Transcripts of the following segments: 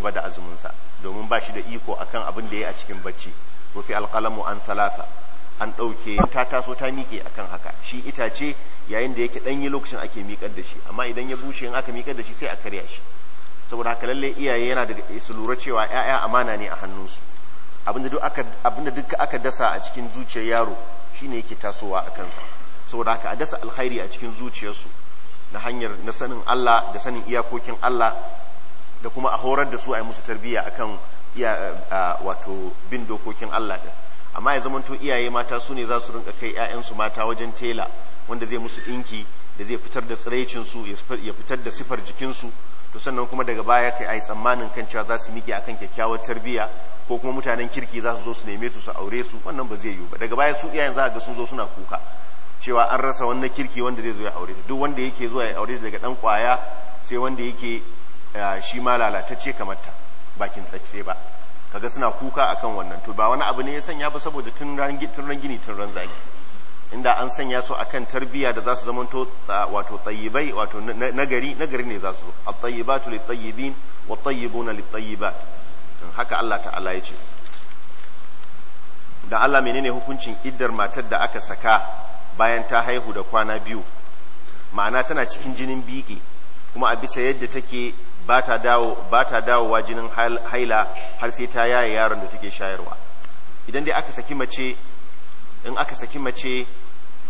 gaba da azuminsa domin ba shi da iko akan abin da ya a cikin bacci rufi alƙalamu an salasa an ɗauke ta taso ta miƙe akan haka shi itace yayin da yake yi lokacin ake miƙar da shi amma idan ya bushe in aka miƙar da shi sai a karya shi saboda haka lalle iyaye yana da su lura cewa ƴaƴa amana ne a hannunsu abinda duk aka abinda duk aka dasa a cikin zuciyar yaro shine yake tasowa a kansa saboda haka a dasa alkhairi a cikin zuciyarsu na hanyar na sanin Allah da sanin iyakokin Allah da kuma a horar da su a yi musu tarbiyya akan iya wato bin dokokin Allah din amma ya zamanto iyaye mata su ne za su rinka kai 'ya'yansu mata wajen tela wanda zai musu ɗinki da zai fitar da tsiraicin su ya fitar da sifar jikinsu to sannan kuma daga baya kai ai tsammanin kan cewa za su miƙe akan kyakkyawar tarbiyya ko kuma mutanen kirki za su zo su neme su su aure su wannan ba zai yiwu ba daga baya su iyayen za a ga sun zo suna kuka cewa an rasa wannan kirki wanda zai zo ya aure duk wanda yake zuwa ya aure daga dan kwaya sai wanda yake Eh, shi ma lalatacce kamar ta bakin tsacce ba kaga suna kuka akan wannan to ba wani abu ne ya sanya ba saboda tun ran gini tun ran zaki inda an sanya su akan tarbiya da za su zamanto wato tayyibai wato nagari nagari ne za su zo at-tayyibatu lit-tayyibin wat-tayyibuna lit-tayyibat haka Allah ta'ala ya ce da Allah menene hukuncin iddar matar da aka saka bayan ta haihu da kwana biyu ma'ana tana cikin jinin biki kuma a bisa yadda take ba ta dawo ba ta dawowa jinin haila har sai ta yaya yaron da take shayarwa idan dai aka saki mace in aka saki mace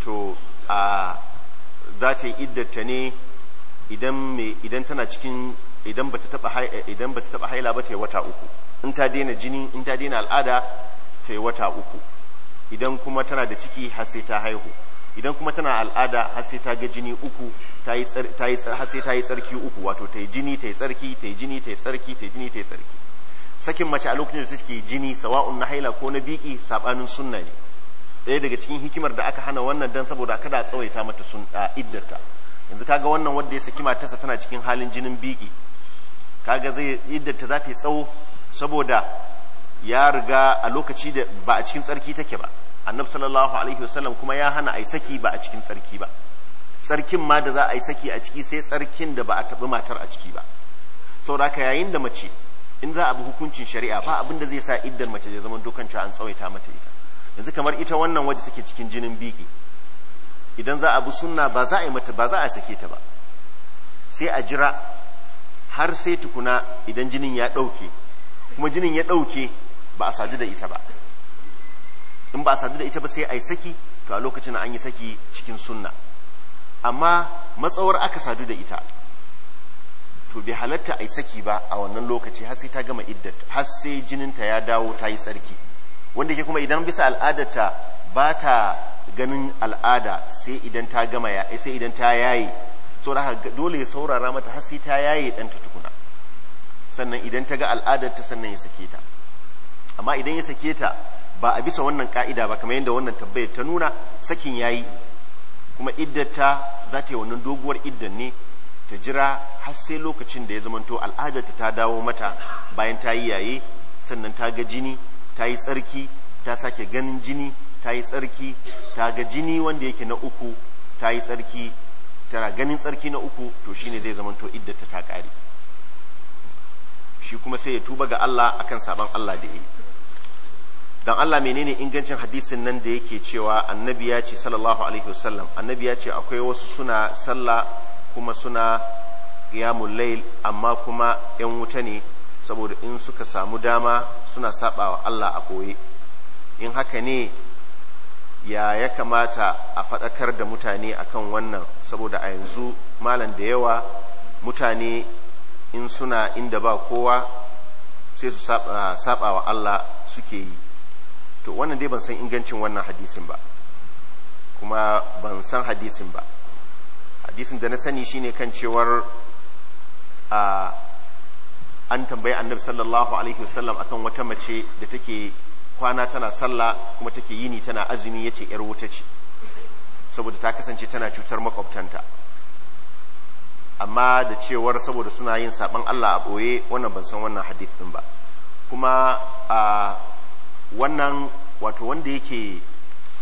to a za ta yi iddata ne idan me idan tana cikin idan bata taba idan bata taba haila ba ta yi wata uku in ta daina jini in ta daina al'ada ta yi wata uku idan kuma tana da ciki har sai ta haihu idan kuma tana al'ada har sai ta ga jini uku ta yi ta yi tsarki uku wato ta yi jini ta yi tsarki ta yi jini ta yi tsarki ta yi jini ta yi tsarki sakin mace a lokacin da suke jini sawa'un na haila ko na biki sabanin sunna ne ɗaya daga cikin hikimar da aka hana wannan dan saboda kada a tsawaita mata sun iddarta yanzu kaga wannan wanda ya saki matarsa tana cikin halin jinin biki kaga zai iddarta za ta yi tsawo saboda ya riga a lokaci da ba a cikin tsarki take ba annabi sallallahu alaihi wasallam kuma ya hana a yi saki ba a cikin tsarki ba tsarkin ma da za a yi saki a ciki sai tsarkin da ba a taɓi matar a ciki ba saboda yayin da mace in za a bi hukuncin shari'a ba abin da zai sa iddar mace ya zama dokan cewa an tsawaita mata ita yanzu kamar ita wannan waje take cikin jinin biki idan za a bi sunna ba za a yi mata ba za a sake ta ba sai a jira har sai tukuna idan jinin ya ɗauke kuma jinin ya ɗauke ba a sadu da ita ba in ba a sadu da ita ba sai a yi saki to a lokacin an yi saki cikin sunna amma matsawar aka sadu da ita to bai halatta a yi saki ba a wannan lokaci har sai ta gama iddat har sai jininta ya dawo ta yi tsarki wanda ke kuma idan bisa al'adarta ba ta ganin al'ada sai idan ta gama ya sai idan ta yayi so da dole ya saurara mata har sai ta yayi dan ta tukuna sannan idan ta ga al'adarta sannan ya sake ta amma idan ya sake ta ba a bisa wannan ka'ida ba kamar yadda wannan tabbayar ta nuna sakin yayi kuma iddata za ta yi wannan doguwar iddan ne ta jira har sai lokacin da ya zamanto al'adarta ta dawo mata bayan ta yi yaye sannan ta ga jini ta yi tsarki ta sake ganin jini ta yi tsarki ta ga jini wanda yake na uku ta yi tsarki tana ganin tsarki na uku to shine zai zamanto iddata ta kare shi kuma sai ya tuba ga Allah akan sabon Allah da ya yi dan Allah menene ingancin hadisin nan da yake cewa annabi ya ce sallallahu alaihi wasallam annabi ya ce akwai wasu suna sallah kuma suna qiyamul layl amma kuma yan wuta ne saboda in suka samu dama suna sabawa Allah a koyi in haka ne ya ya kamata a faɗakar da mutane akan wannan saboda a yanzu malam da yawa mutane in suna inda ba kowa sai su sabawa Allah suke yi to wannan dai ban san ingancin wannan hadisin ba kuma ban san hadisin ba hadisin da na sani shine kan cewar a an tambayi annabi sallallahu alaihi wasallam akan wata mace da take kwana tana sallah kuma take yini tana azumi yace yar wuta ce saboda ta kasance tana cutar makwabtanta amma da cewar saboda suna yin saban Allah a boye wannan ban san wannan hadith din ba kuma a wannan wato wanda yake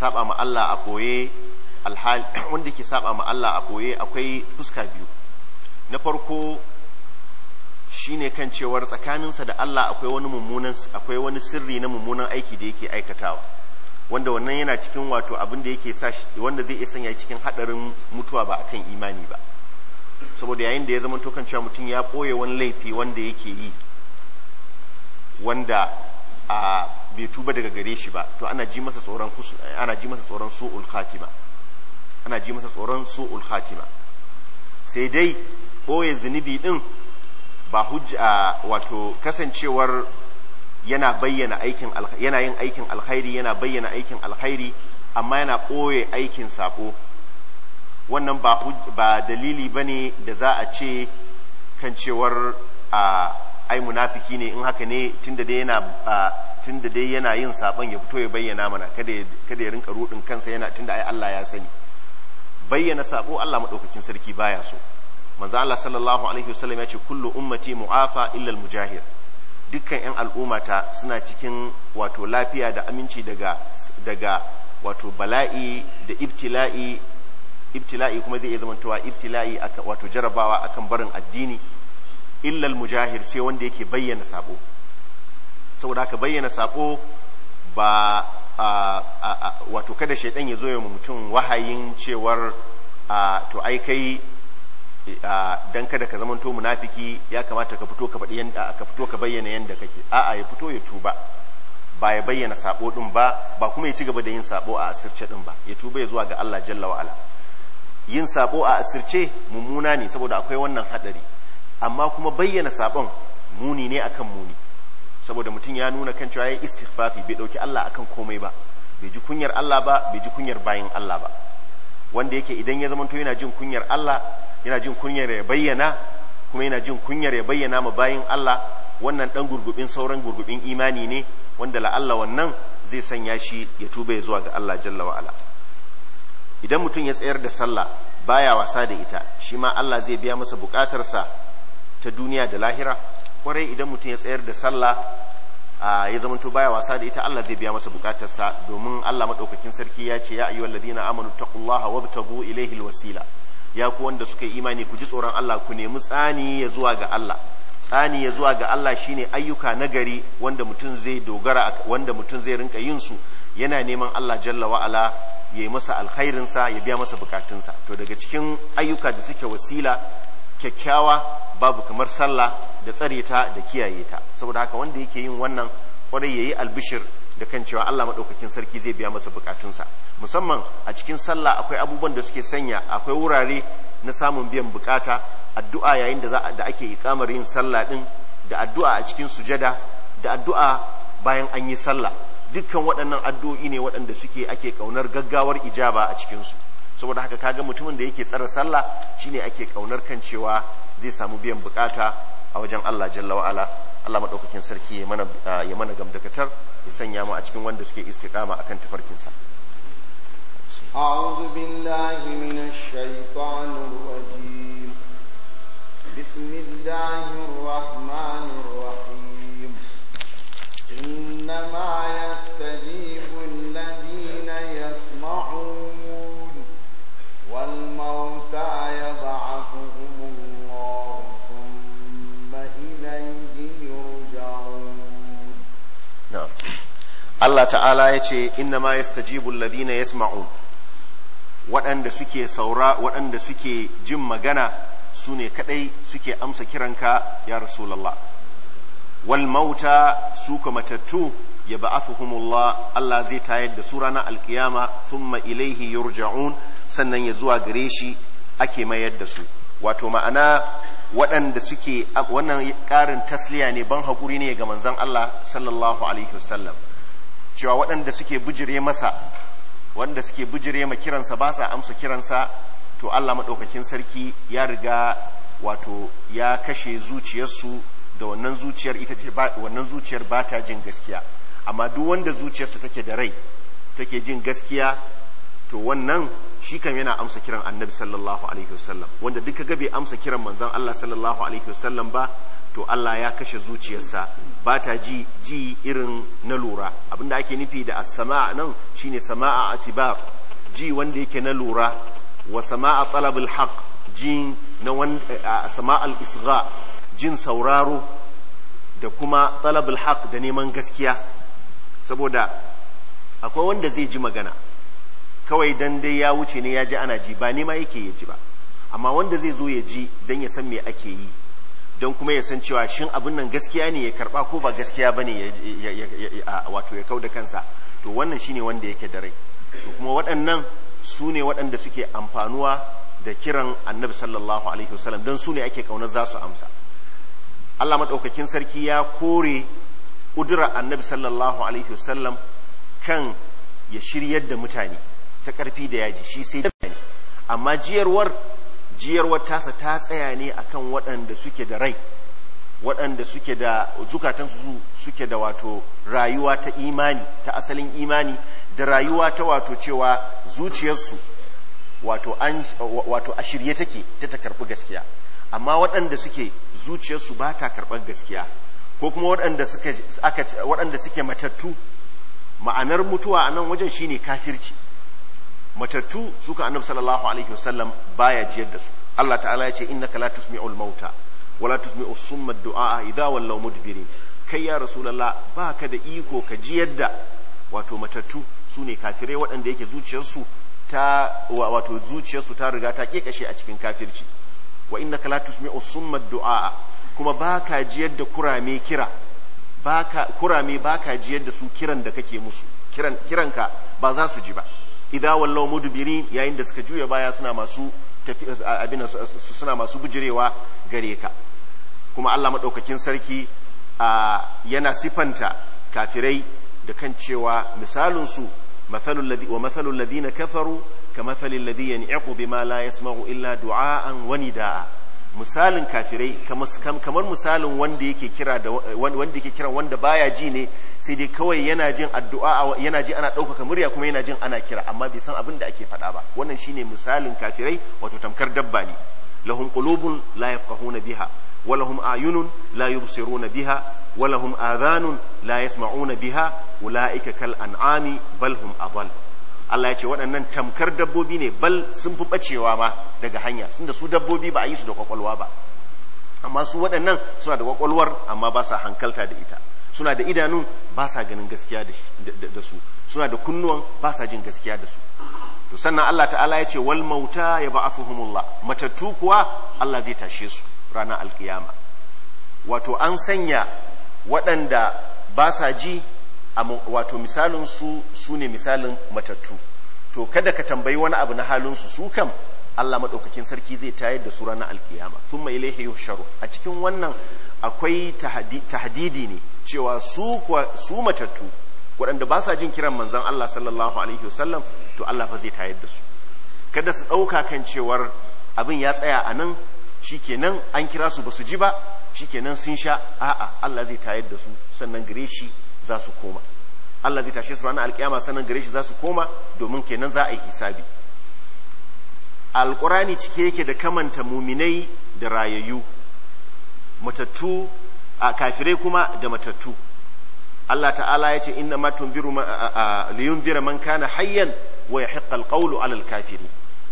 saba ma Allah a koye alhali wanda yake saba ma Allah a koye akwai fuska biyu na farko shine kan cewar tsakaninsa da Allah akwai wani mummunan akwai wani sirri na mummunan aiki da yake aikatawa wanda wannan yana cikin wato abin da yake sa wanda zai iya sanya cikin hadarin mutuwa ba akan imani ba saboda yayin da ya zama to kan cewa mutum ya boye wani laifi wanda yake yi wanda a bai tuba daga gare shi ba to ana ji masa tsoron ana ji masa tsoron su'ul khatima ana ji masa tsoron su'ul khatima sai dai boye zunubi din ba hujja wato kasancewar yana bayyana aikin yana yin aikin alkhairi yana bayyana aikin alkhairi amma yana boye aikin sako wannan ba ba dalili bane da za a ce kan cewar a ai munafiki ne in haka ne tunda dai yana tunda dai yana yin saban ya fito ya bayyana mana kada ya rinka rudin kansa yana tunda ai Allah ya sani bayyana sabo Allah madaukakin sarki baya so manzo Allah sallallahu alaihi wasallam ya ce kullu ummati mu'afa illa al-mujahir dukkan yan al'ummata suna cikin wato lafiya da aminci daga daga wato bala'i da ibtila'i ibtila'i kuma zai iya zamantowa ibtila'i wato jarabawa akan barin addini illal mujahir sai wanda yake bayyana saɓo. saboda haka bayyana sako ba wato kada shaidan ya zo ya mutum wahayin cewar to ai kai dan kada ka zamanto munafiki ya kamata ka fito ka ka fito ka bayyana yanda kake a'a ya fito ya tuba ba ya bayyana sabo din ba ba kuma ya ci gaba da yin sabo a asirce din ba ya tuba ya zuwa ga Allah jalla wa ala yin saɓo a asirce mummuna ne saboda akwai wannan hadari amma kuma bayyana sabon muni ne akan muni saboda mutum ya nuna kan cewa ya yi istighfafi bai dauki Allah akan komai ba bai ji kunyar Allah ba bai ji kunyar bayin Allah ba wanda yake idan ya zamanto yana jin kunyar Allah yana jin kunyar ya bayyana kuma yana jin kunyar ya bayyana ma bayin Allah wannan dan gurgubin sauran gurgubin imani ne wanda la Allah wannan zai sanya shi ya tuba ya zuwa ga Allah jalla wa ala idan mutum ya tsayar da sallah baya wasa da ita shi ma Allah zai biya masa bukatarsa ta duniya da lahira kwarai idan mutum ya tsayar da sallah ya zamanto baya wasa da ita Allah zai biya masa bukatarsa domin Allah madaukakin sarki ya ce ya ayyuhal ladina amanu taqullaha wabtagu ilayhi alwasila ya ku wanda suka yi imani ku ji tsoron Allah ku nemi tsani ya zuwa ga Allah tsani ya zuwa ga Allah shine ayyuka nagari wanda mutum zai dogara wanda mutum zai rinka yin su yana neman Allah jalla wa ala ya yi masa alkhairinsa ya biya masa bukatunsa to daga cikin ayyuka da suke wasila kyakkyawa babu kamar sallah da tsare ta da kiyaye ta saboda haka wanda yake yin wannan kwarai yayi albishir da kan cewa Allah madaukakin sarki zai biya masa bukatunsa musamman a cikin sallah akwai abubuwan da suke sanya akwai wurare na samun biyan bukata addu'a yayin da za da ake ikamar yin sallah din da addu'a a cikin sujada da addu'a bayan an yi sallah dukkan waɗannan addu'o'i ne waɗanda suke ake kaunar gaggawar ijaba a cikinsu saboda haka kaga mutumin da yake tsara sallah shine ake kaunar kan cewa zai samu biyan bukata a wajen Allah jalla wa ala Allah madaukakin sarki ya mana ya mana gamdakatar ya sanya mu a cikin wanda suke istiqama akan tafarkin sa أعوذ بالله من الشيطان الرجيم بسم الله الرحمن الرحيم إنما يستجيب الذين يسمعون Allah ta'ala ya ce inna ma yastajibu alladhina yasma'un waɗanda suke saura waɗanda suke jin magana su ne kaɗai suke amsa kiranka ya rasulallah wal mauta su ka matattu ya ba'athuhumullah Allah zai tayar da su ranar alkiyama thumma ilaihi yurja'un sannan ya zuwa gare shi ake mayar da su wato ma'ana waɗanda suke wannan ƙarin tasliya ne ban haƙuri ne ga manzon Allah sallallahu alaihi wasallam cewa waɗanda suke bujire masa waɗanda suke bujire ma kiransa ba sa amsa kiransa to Allah maɗaukakin sarki ya riga wato ya kashe zuciyarsu da wannan zuciyar ita ce wannan zuciyar ba ta jin gaskiya amma duk wanda zuciyarsa take da rai take jin gaskiya to wannan shi kan yana amsa kiran annabi sallallahu alaihi wasallam wanda duka ga bai amsa kiran manzon Allah sallallahu alaihi wasallam ba to Allah ya kashe zuciyarsa ba ta ji ji irin na lura abinda ake nufi da as-sama'a nan shine sama'a atibab ji wanda yake na lura wa sama'a talabul haq jin na al isgha jin sauraro da kuma talabul haq da neman gaskiya saboda akwai wanda zai ji magana kawai dan dai ya wuce ne ya ji ana ji ba nema yake ya ji ba amma wanda zai zo ya ji dan ya san me ake yi don kuma ya san cewa shin abin nan gaskiya ne ya karba ko ba gaskiya ba ne wato ya kau da kansa to wannan shine wanda yake da rai to kuma waɗannan su ne waɗanda suke amfanuwa da kiran annabi sallallahu alaihi wasallam don su ne ake kaunar za su amsa Allah maɗaukakin sarki ya kore ƙudura annabi sallallahu alaihi wasallam kan ya shiryar da mutane ta karfi da yaji shi sai ne amma jiyarwar jiyarwar tasa ta tsaya ne akan waɗanda suke da rai waɗanda suke da zukatansu suke da wato rayuwa ta imani ta asalin imani da rayuwa ta wato cewa zuciyarsu wato a shirye take ta ta karɓi gaskiya amma waɗanda suke zuciyarsu ba ta karɓar gaskiya ko kuma waɗanda suke matattu ma'anar mutuwa a nan wajen shine kafirci matattu suka annabi sallallahu alaihi wasallam baya jiyar da su Allah ta'ala ya ce innaka la tusmi'ul mauta wala tusmi'u summa du'a idha wallaw mudbirin kai ya rasulullah baka da iko ka jiyar da wato matattu su kafirai waɗanda yake zuciyarsu ta wato zuciyarsu ta riga ta kekashe a cikin kafirci wa innaka la tusmi'u summa du'a kuma baka jiyar da kurame kira baka kurame baka jiyar da su kiran da kake musu kiran kiranka ba za su ji ba idza wallaw mudbirin yayin da suka juya baya suna masu abin suna masu bujirewa gare ka kuma Allah madaukakin sarki yana sifanta kafirai da kan cewa misalin su mathalul ladhi wa mathalul ladina kafaru ka kamathalil ladhi yan'iqu bima la yasma'u illa du'aan wa nidaa misalin kafirai kamar misalin wanda yake kira wanda yake kira wanda baya ji ne sai dai kawai yana jin addu'a yana ji ana ɗaukaka murya kuma yana jin ana kira amma bai san abin da ake faɗa ba wannan shine misalin kafirai wato tamkar dabba ne lahum qulubun la yafqahuna biha wa lahum ayunun la yubsiruna biha wa lahum adhanun la yasma'una biha ulaika kal an'ami bal hum adall Allah ya ce waɗannan tamkar dabbobi ne bal sun fi ɓacewa ma daga hanya sun da su dabbobi ba a yi su da kwakwalwa ba amma su waɗannan suna da kwakwalwar amma ba sa hankalta da ita suna da idanun ba sa ganin gaskiya da su suna da kunnuwan ba sa jin gaskiya da su to sannan Allah ta'ala ya ce wal mauta ya ba afuhumullah matattu kuwa Allah zai tashe su ranar alkiyama wato an sanya waɗanda ba sa ji wato misalin su su ne misalin matattu to kada ka tambayi wani abu na halin su su kam Allah madaukakin sarki zai tayar da su ranar alkiyama thumma ilaihi yusharu a cikin wannan akwai tahdidi ne cewa su su matattu waɗanda ba sa jin kiran manzon Allah sallallahu alaihi wasallam to Allah fa zai tayar da su kada su ɗauka kan cewar abin ya tsaya a nan shikenan an kira su ba su ji ba shikenan sun sha a'a Allah zai tayar da su sannan gare shi za su koma Allah zai tashe su ranar alkiyama sanan gare shi za su koma domin kenan za a yi hisabi alkurani cike yake da kamanta muminai da rayayyu matattu a kafirai kuma da matattu Allah ta'ala ya ce inna ma tunziru liyunzira man kana hayyan wa yahiqqa alqawlu 'ala alkafiri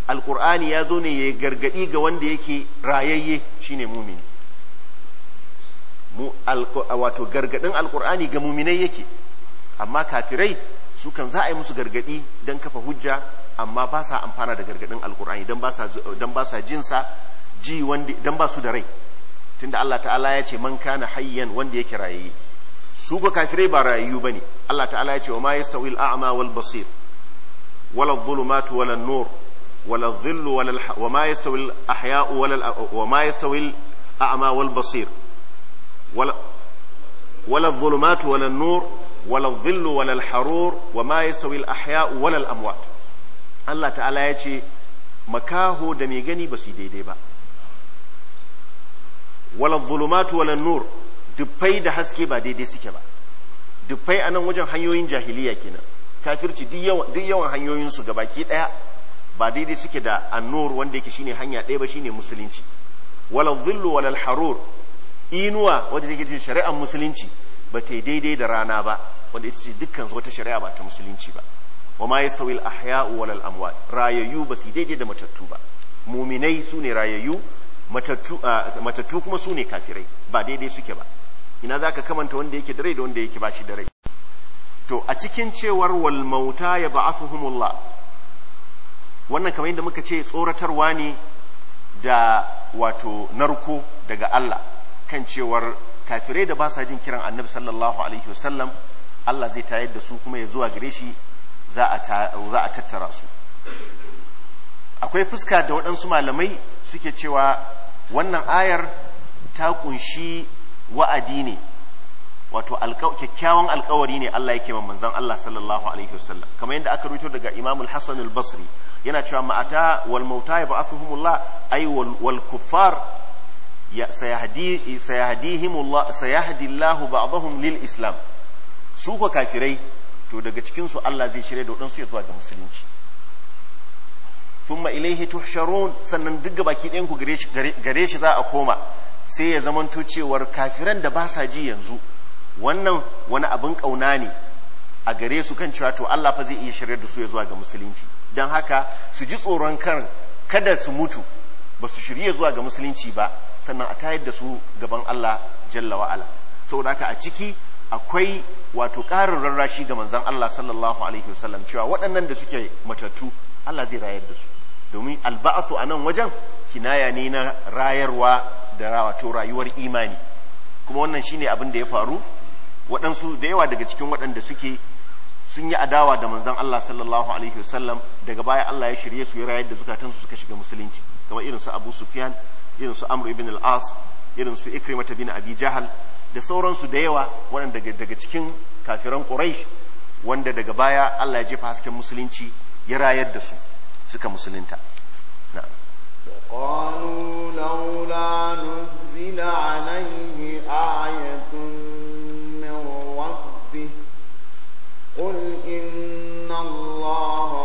alqur'ani ya zo ne ya gargadi ga wanda yake rayayye shine mumini wato gargadin alkur'ani ga muminai yake amma kafirai su kan za a yi musu gargadi don kafa hujja amma ba sa amfana da gargadin alkur'ani don ba sa jinsa ji wanda don ba su da rai tunda Allah ta'ala ya ce man kana hayyan wanda yake rayayi su ga kafirai ba rayayyu bane Allah ta'ala ya ce wa ma yastawi al wal basir wala dhulumatu wala nur wala adh-dhillu wala wa ma yastawi al-ahya'u wala wa ma yastawi al-a'ma wal basir ولا الظلمات ولا النور ولا الظل ولا الحرور وما يستوي الأحياء ولا الأموات الله تعالى يتي مكاهو دميغني بس يديدي با ولا الظلمات ولا النور دبي ده حسكي با ديدي سكي با dufai a nan wajen hanyoyin jahiliya kenan kafirci duk yawan hanyoyinsu gabaki daya ba daidai suke da annur wanda yake shine hanya ɗaya ba shine musulunci wala dhillu wala harur inuwa wadda take cikin shari'ar musulunci ba ta yi daidai da rana ba wanda ita ce dukkan wata shari'a ba ta musulunci ba wa ma yastawi al ahya'u wal amwat rayayyu ba su daidai da matattu ba muminai su ne rayayyu matattu kuma su ne kafirai ba daidai suke ba ina zaka kamanta wanda yake da rai da wanda yake ba shi da rai to a cikin cewar wal mauta ya ba'athuhumullah wannan kamar yadda muka ce tsoratarwa ne da wato narko daga Allah kan cewar kafirai da ba sa jin kiran annabi sallallahu alaihi wasallam Allah zai tayar da su kuma ya zuwa gare shi za a tattara su akwai fuska da waɗansu malamai suke cewa wannan ayar ta kunshi wa'adi ne wato kyakkyawan alkawari ne Allah yake ma manzon Allah sallallahu alaihi wasallam kamar yadda aka rubuto daga Imam al-Hasan al-Basri yana cewa ma'ata wal mauta yab'athuhumullah ay wal kuffar Allah ba'dahum lil islam su ko kafirai to daga cikin su Allah zai shirye da waɗansu ya zuwa ga musulunci thumma ilayhi tuhsharun sannan duk baki ɗayan ku gare shi za a koma sai ya zamanto cewar kafiran da ba sa ji yanzu wannan wani abin kauna ne a gare su kan cewa to Allah fa zai iya shirye da su ya zuwa ga musulunci don haka su ji tsoron kan kada su mutu ba su shirye zuwa ga musulunci ba sannan a tayar da su gaban Allah jalla wa'ala saboda haka a ciki akwai wato ƙarin rarrashi ga manzan Allah sallallahu alaihi wasallam cewa waɗannan da suke matattu Allah zai rayar da su domin alba'asu a nan wajen kinaya ne na rayarwa da wato rayuwar imani kuma wannan shine abin da ya faru waɗansu da yawa daga cikin waɗanda suke sun yi adawa da manzan Allah sallallahu alaihi wasallam daga baya Allah ya shirye su ya rayar da zukatansu suka shiga musulunci kamar irin su Abu Sufyan irin su amru ibn al-as irin su ikrimata bin abi jahal da sauransu da yawa waɗanda daga cikin kafiran quraish wanda daga baya Allah ya jefa hasken musulunci ya rayar da su suka musulunta قالوا قل إن الله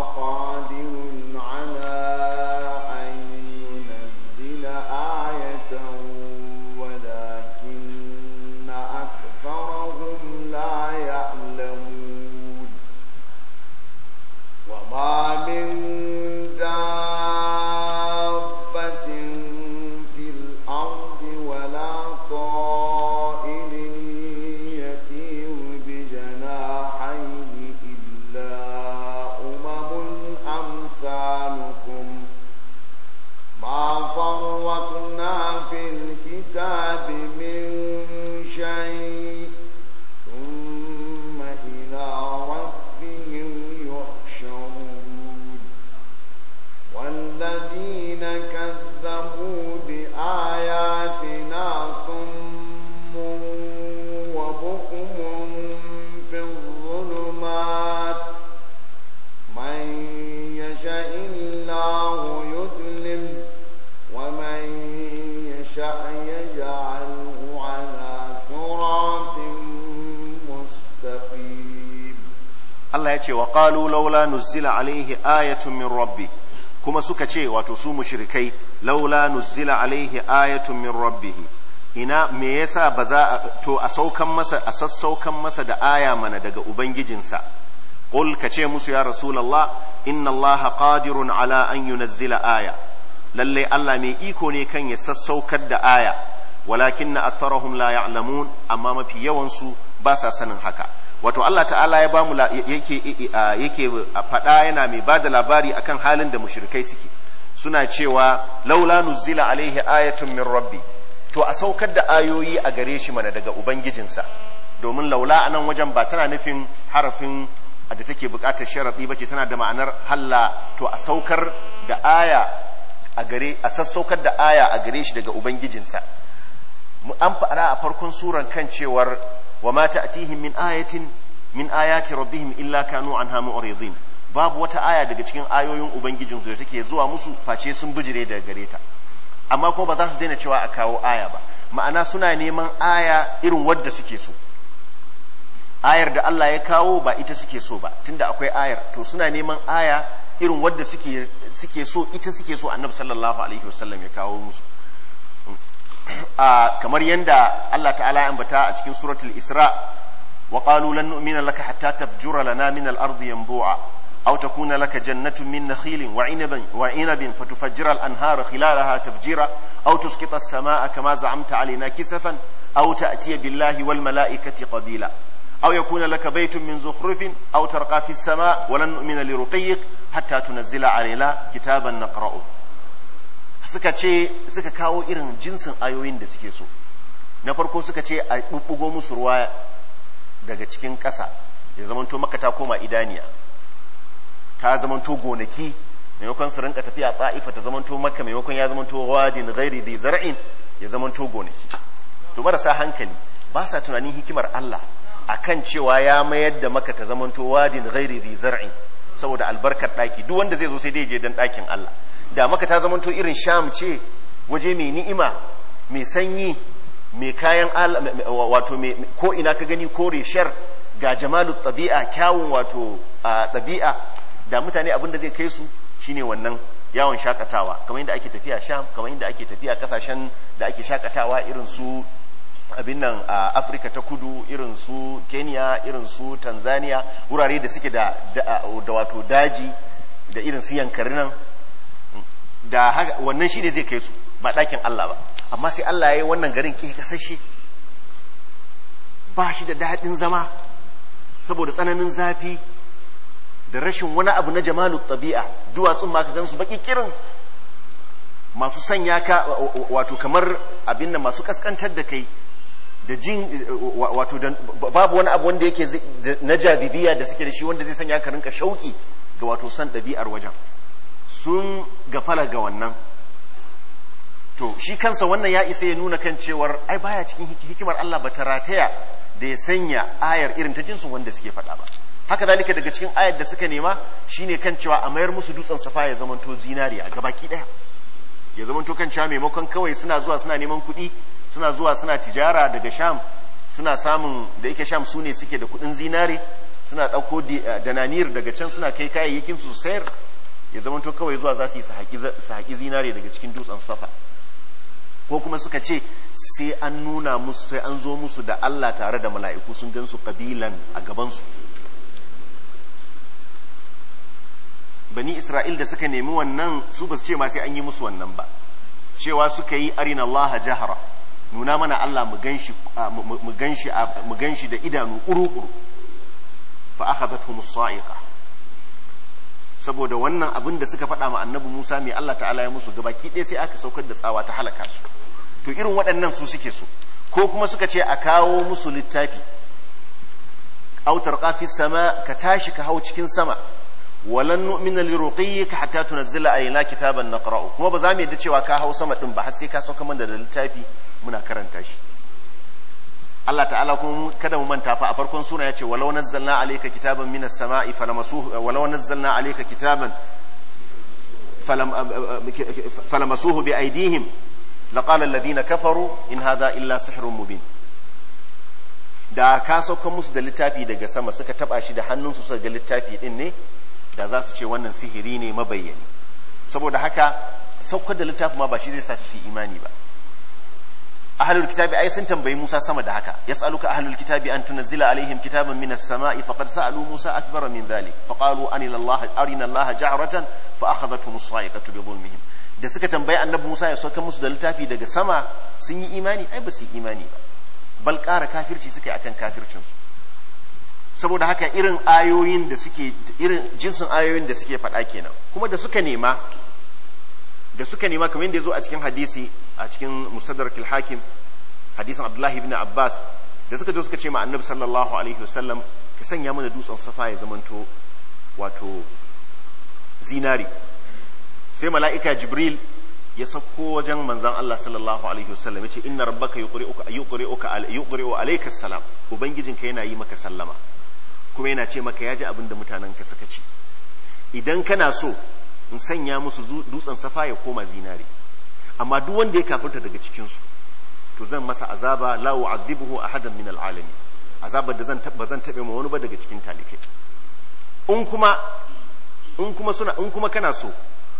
ذكرنا في الكتاب من ce wa qalu laula nuzzila alaihi ayatun min rabbi kuma suka ce wato su mushrikai laula nuzila alaihi ayatun min rabbih ina me yasa ba za to a saukan masa a sassaukan masa da aya mana daga ubangijinsa qul ka ce musu ya rasulullah inna allaha qadirun ala an yunazzila aya lalle Allah mai iko ne kan ya sassaukar da aya walakin na aktharahum la ya'lamun amma mafi yawansu ba sa sanin haka wato Allah ta'ala ya bamu yake yake faɗa yana mai bada labari akan halin da mushrikai suke suna cewa laula nuzila alaihi ayatun min rabbi to a saukar da ayoyi a gare shi mana daga ubangijinsa domin laula anan wajen ba tana nufin harafin da take bukatar sharaɗi ba ce tana da ma'anar halla to a saukar da aya a gare a sassaukar da aya a gare shi daga ubangijinsa an fara a farkon suran kan cewar wa ma ta'tihim min ayatin min ayati rabbihim illa kanu anha mu'ridin babu wata aya daga cikin ayoyin ubangijin su da take zuwa musu face sun bijire daga gare ta amma ko ba za su daina cewa a kawo aya ba ma'ana suna neman aya irin wadda suke so ayar da Allah ya kawo ba ita suke so ba tunda akwai ayar to suna neman aya irin wadda suke so ita suke so annabi sallallahu alaihi wasallam ya kawo musu kamar yadda Allah ta'ala ya ambata a cikin suratul Isra wa qalu lan nu'mina laka hatta tafjura lana min al-ardi yanbu'a aw takuna laka jannatun min nakhilin wa 'inabin wa 'inabin fatufajjira al-anhara khilalaha tafjira aw tusqita as-samaa'a kama za'amta 'alaina kisafan aw ta'tiya billahi wal mala'ikati qabila aw yakuna laka baytun min zukhrufin aw tarqa fi as-samaa'i wa lan nu'mina liruqiyyik hatta tunzila 'alaina kitaban naqra'uhu suka ce suka kawo irin jinsin ayoyin da suke so na farko suka ce a ɓuɓɓugo musu ruwa daga cikin ƙasa ya zamanto maka ta koma idaniya ta zamanto gonaki maimakon su rinka tafiya tsa'ifa ta zamanto maka maimakon ya zamanto wadin gairi da zara'in ya zamanto gonaki to marasa hankali ba sa tunanin hikimar Allah a kan cewa ya mayar da maka ta zamanto wadin gairi da zara'in saboda albarkar ɗaki duk wanda zai zo sai dai je dan ɗakin Allah da maka ta zamanto irin sham ce waje mai ni'ima mai sanyi mai kayan wato ko ina ka gani ko reshar ga jamalu tabi'a kyawun wato tabi'a da mutane abin da zai kai su shine wannan yawon shakatawa kamar yadda ake tafiya sham kamar yadda ake tafiya kasashen da ake shakatawa irin su abin nan a afirka ta kudu irin su kenya irin su tanzania wurare da suke da wato daji da irin su yankari nan da wannan shi ne zai kai su ba ɗakin Allah ba amma sai Allah ya yi wannan garin ke kasashe ba shi da daɗin zama saboda tsananin zafi da rashin wani abu na jamalu ɗabi'a duwatsun ma ka gansu baƙi kirin masu sanya ka wato kamar abin nan masu kaskantar da kai da jin wato babu wani abu wanda yake na jazibiya da suke da shi wanda zai sanya ka rinka shauki ga wato san ɗabi'ar wajen sun gafala ga wannan to shi kansa wannan ya isa ya nuna kan cewar ai baya cikin hikimar Allah ba ta rataya da ya sanya ayar irin ta jinsu wanda suke faɗa ba haka zalika daga cikin ayar da suka nema shine kan cewa a mayar musu dutsen safa ya zamanto zinariya gabaki ɗaya ya zamanto kan cewa maimakon kawai suna zuwa suna neman kuɗi suna zuwa suna tijara daga sham suna samun da yake sham su ne suke da kuɗin zinare suna ɗauko eh, dananiyar daga can suna kai kayayyakin su sayar ya zamanto kawai zuwa za su yi su haƙi zinare daga cikin dutsen safa ko kuma suka ce sai an nuna musu sai an zo musu da Allah tare da mala'iku sun gansu kabilan a gabansu bani isra'il da suka nemi wannan su ba su ce ma sai an yi musu wannan ba cewa suka yi arina Allah jahara nuna mana Allah mu shi da idanu uru-uru fa aka zato saboda wannan abin da suka faɗa ma annabi Musa mai Allah ta'ala ya musu gabaki ɗaya sai aka saukar da tsawa ta halaka su to irin waɗannan su suke so ko kuma suka ce a kawo musu littafi autar ƙafi sama ka tashi ka hau cikin sama walan nu'mina li ka hatta tunzila alaina kitaban naqra'u kuma ba za mu yadda cewa ka hau sama din ba har sai ka sauka mana da littafi muna karanta shi Allah ta'ala kuma kada mu manta fa a farkon suna ya ce walau nazzalna alayka kitaban minas sama'i falamasuhu walau nazzalna alayka kitaban falamasuhu bi aydihim laqala alladhina kafaru in hadha illa sihrun mubin da ka sauka musu da littafi daga sama suka taba shi da hannunsu suka ga littafi din ne da za su ce wannan sihiri ne mabayyani saboda haka sauka da littafi ma ba shi zai sa su imani ba ahlul kitabi ai sun tambayi Musa sama da haka yas'aluka ahlul kitabi an tunzila alaihim kitaban minas sama'i faqad sa'alu Musa akbara min dhalik faqalu anil Allah arina Allah ja'ratan fa akhadhatuhum as-sa'iqatu bi dhulmihim da suka tambayi annabi Musa ya sauka musu da littafi daga sama sun yi imani ai ba su yi imani ba bal ƙara kafirci suka yi akan kafircin su saboda haka irin ayoyin da suke irin jinsin ayoyin da suke faɗa kenan kuma da suka nema da suka nema kamar yadda ya zo a cikin hadisi a cikin musaddarak hakim hadisin abdullahi ibn abbas da suka zo suka ce ma annabi sallallahu alaihi wasallam ka sanya mana dutsen safa ya zamanto wato zinari sai mala'ika jibril ya sauko wajen manzan Allah sallallahu alaihi wasallam yace inna rabbaka yuqri'uka yuqri'uka yuqri'u alayka salam ubangijinka yana yi maka sallama kuma yana ce maka yaji abin da mutanen ka suka ce idan kana so in sanya musu dutsen safa ya koma zinare amma duk wanda ya kafirta daga cikin su to zan masa azaba la u'adhibuhu ahadan min al'alamin azabar da zan taba zan tabe ma wani ba daga cikin talikai in kuma in kuma suna in kuma kana so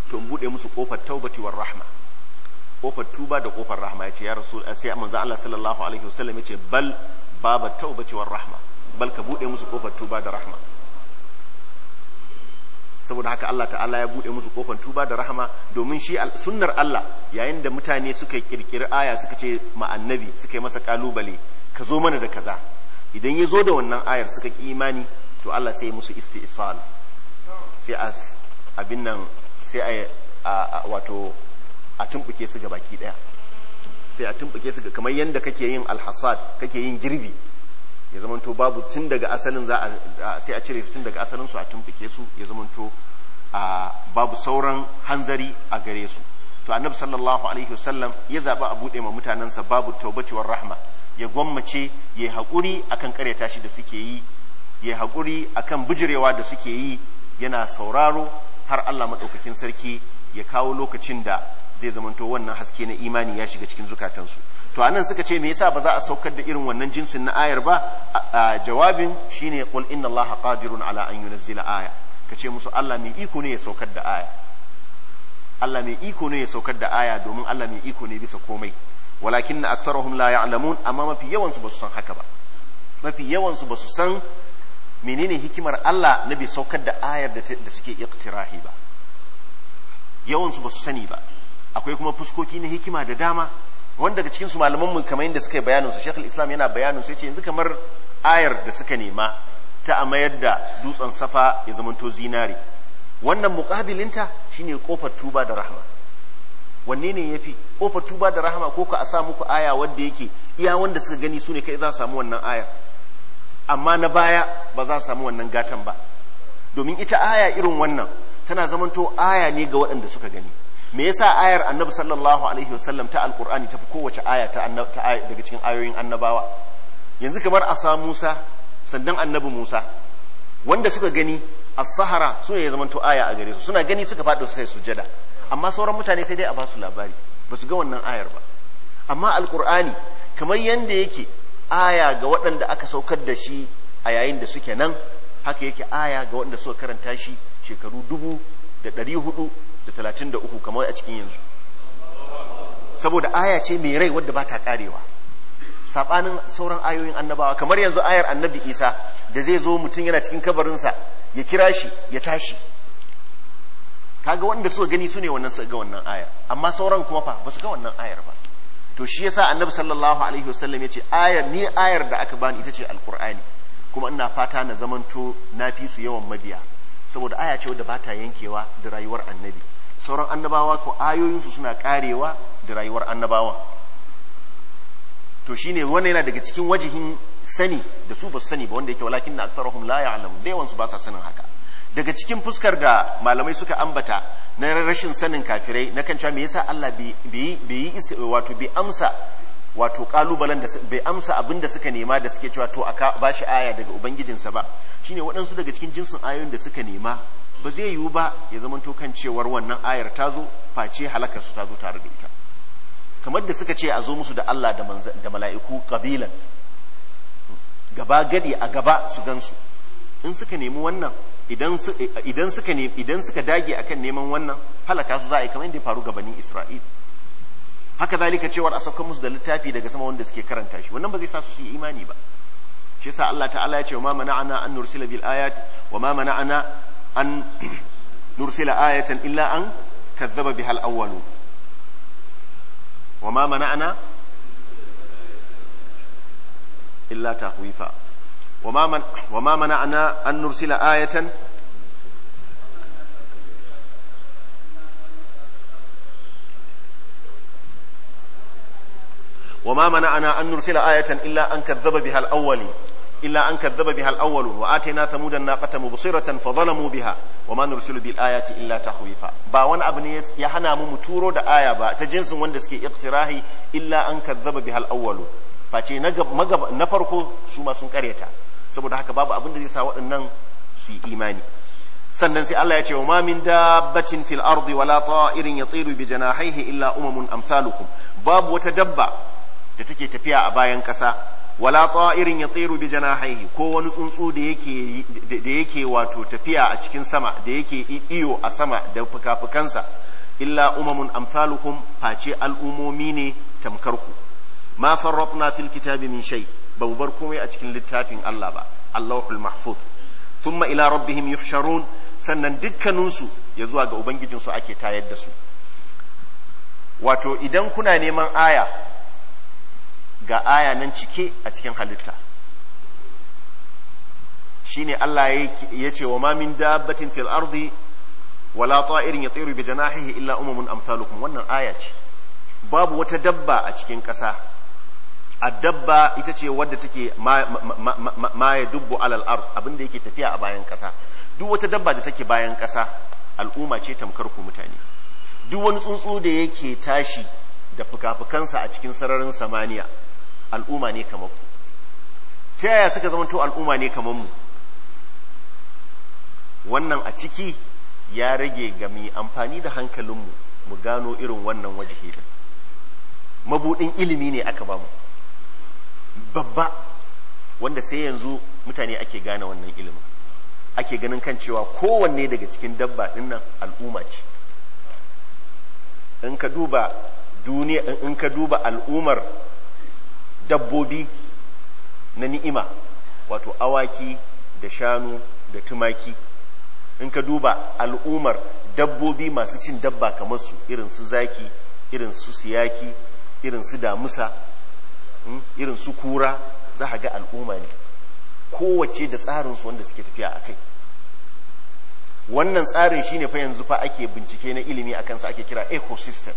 to in bude musu kofar taubati war rahma kofar tuba da kofar rahma yace ya rasul sai manzo Allah sallallahu alaihi wasallam yace bal baba taubati war rahma bal ka bude musu kofar tuba da rahma saboda haka Allah ta'ala ya bude musu kofan tuba da rahama domin shi sunnar Allah yayin da mutane suka kirkiri aya suka ce ma annabi suka yi masa kalubale ka zo mana da kaza idan ya zo da wannan ayar suka ki imani to Allah sai ya musu isti'sal sai a abin nan sai a wato a tumbuke su ga baki daya sai a tumbuke su ga kamar yanda kake yin alhasad kake yin girbi ya zamanto babu tun daga asalin za a sai a cire su tun daga asalin su a tumbuke su ya zamanto babu sauran hanzari a gare su to annabi sallallahu alaihi wasallam ya zaba a bude ma mutanansa babu taubacewar rahma ya gwammace ya haƙuri akan karyata shi da suke yi ya haƙuri akan bijirewa da suke yi yana sauraro har Allah madaukakin sarki ya kawo lokacin da zai zamanto wannan haske na imani ya shiga cikin zukatansu to anan suka ce me yasa ba za a saukar da irin wannan jinsin na ayar ba jawabin shine qul inna allaha qadirun ala an yunzila aya kace musu Allah mai iko ne ya saukar da aya Allah mai iko ne ya saukar da aya domin Allah mai iko ne bisa komai walakin na aktharuhum la ya'lamun amma mafi yawansu ba su san haka ba mafi yawansu ba su san menene hikimar Allah na bai saukar da ayar da suke iktirahi ba yawansu ba su sani ba akwai kuma fuskoki na hikima da dama wanda daga cikin su malaman mu kamar yadda suka yi bayanin su Sheikh Islam yana bayanin su ce yanzu kamar ayar da suka nema ta amayar da dutsen safa ya zamanto zinari wannan muqabilinta shine kofar tuba da rahama wanne ne yafi kofar tuba da rahama ko ka a sa muku aya wanda yake iya wanda suka gani su ne kai za su samu wannan aya amma na baya ba za su samu wannan gatan ba domin ita aya irin wannan tana zamanto aya ne ga waɗanda suka gani me yasa ayar annabi sallallahu alaihi wasallam ta alqur'ani ta kowace aya ta daga cikin ayoyin annabawa yanzu kamar asa musa sandan annabi musa wanda suka gani a sahara su ne ya zamanto aya a gare su suna gani suka fada su kai sujada amma sauran mutane sai dai a basu labari ba su ga wannan ayar ba amma alkur'ani kamar yadda yake aya ga waɗanda aka saukar da shi a yayin da suke nan haka yake aya ga waɗanda suka karanta shi shekaru dubu da ɗari hudu da talatin da uku kamar a cikin yanzu saboda aya ce mai rai wadda ba ta karewa saɓanin sauran ayoyin annabawa kamar yanzu ayar annabi isa da zai zo mutum yana cikin kabarinsa ya kira shi ya tashi kaga wanda suka gani su ne wannan su ga wannan ayar amma sauran kuma fa ba su ga wannan ayar ba to shi yasa annabi sallallahu alaihi wasallam yace ayar ni ayar da aka bani ita ce alqur'ani kuma ina fata na zamanto na fi su yawan mabiya saboda aya ce wadda ba ta yankewa da rayuwar annabi sauran annabawa ko ayoyinsu suna karewa da rayuwar annabawa to shine wannan yana daga cikin wajihin sani da su ba su sani ba wanda yake walakin na aktharuhum la alamu da yawansu ba sa sanin haka daga cikin fuskar da malamai suka ambata na rashin sanin kafirai na kan cewa me yasa Allah bai yi wato bai amsa wato kalubalen da bai amsa abin da suka nema da suke cewa to aka bashi aya daga ubangijinsa ba shine waɗansu daga cikin jinsin ayoyin da suka nema ba zai yiwu ba ya zamanto kan cewar wannan ayar ta zo face halakar su ta zo tare da ita kamar da suka ce a zo musu da Allah da mala'iku kabilan gaba gadi a gaba su gansu in suka nemi wannan idan suka idan suka dage akan neman wannan halaka su za a yi kamar inda ya faru gabanin Isra'il haka zalika cewar a saukar musu da littafi daga sama wanda suke karanta shi wannan ba zai sa su yi imani ba shi yasa Allah ta'ala ya ce wa ma mana'ana an nursila bil ayat wa ma mana'ana an nursila ayatan illa an kazzaba bihal awwalu wa ma mana'ana illa tahwifa wa ma man wa ma mana'ana an nursila ayatan وما منعنا أن نرسل آية إلا أن كذب بها الأولين illa an kadzaba biha al-awwal wa atayna thamuda an-naqata mubsiratan fa zalamu biha wa ma nursilu bil ayati illa tahwifa ba wani abu ne ya hana mu mu turo da aya ba ta jinsin wanda suke iktirahi illa an kadzaba biha al-awwal face na farko su ma sun karyata saboda haka babu abin da zai sa waɗannan su yi imani sannan sai Allah ya ce wa ma min dabbatin fil ardi wala ya yatiru bi janahihi illa umamun amsalukum babu wata dabba da take tafiya a bayan ƙasa wala ta'irin ya tsiru bi janahihi ko wani tsuntsu da yake da yake wato tafiya a cikin sama da yake iyo a sama da fukafukansa illa umamun amsalukum face al'umomi ne tamkarku ma farratna fil kitabi min shay ba bar komai a cikin littafin Allah ba Allahul mahfuz thumma ila rabbihim yuhsharun sannan dukkaninsu ya zuwa ga ubangijinsu ake tayar da su wato idan kuna neman aya ga aya nan cike a cikin halitta shi ne Allah ya ce wa ma min dabbatin fil ardi wala ta'irin yatiru bi janahihi illa umamun amsalukum wannan aya ce babu wata dabba a cikin ƙasa a dabba ita ce wadda take ma ya dubbo alal ard abinda yake tafiya a bayan ƙasa duk wata dabba da take bayan ƙasa al'umma ce tamkar ku mutane duk wani tsuntsu da yake tashi da fuka a cikin sararin samaniya al'umma ne kamar ku ta yaya suka zama zamanto al'umma ne kamar mu wannan a ciki ya rage gami amfani da hankalinmu mu gano irin wannan waje din mabudin ilimi ne aka bamu babba wanda sai yanzu mutane ake gane wannan ilimin ake ganin kan cewa kowanne daga cikin dabba dinnan al'umma ce in ka duba duniya in ka duba al'ummar dabbobi na ni'ima wato awaki da shanu da tumaki in ka duba al'umar dabbobi masu cin dabba kamar su irin su zaki irin su siyaki irin su damusa hmm, irin su kura za a ga al'umma ne kowace da tsarinsu wanda suke tafiya a kai wannan tsarin shine fa yanzu fa ake bincike na ilimi akan sa ake kira ecosystem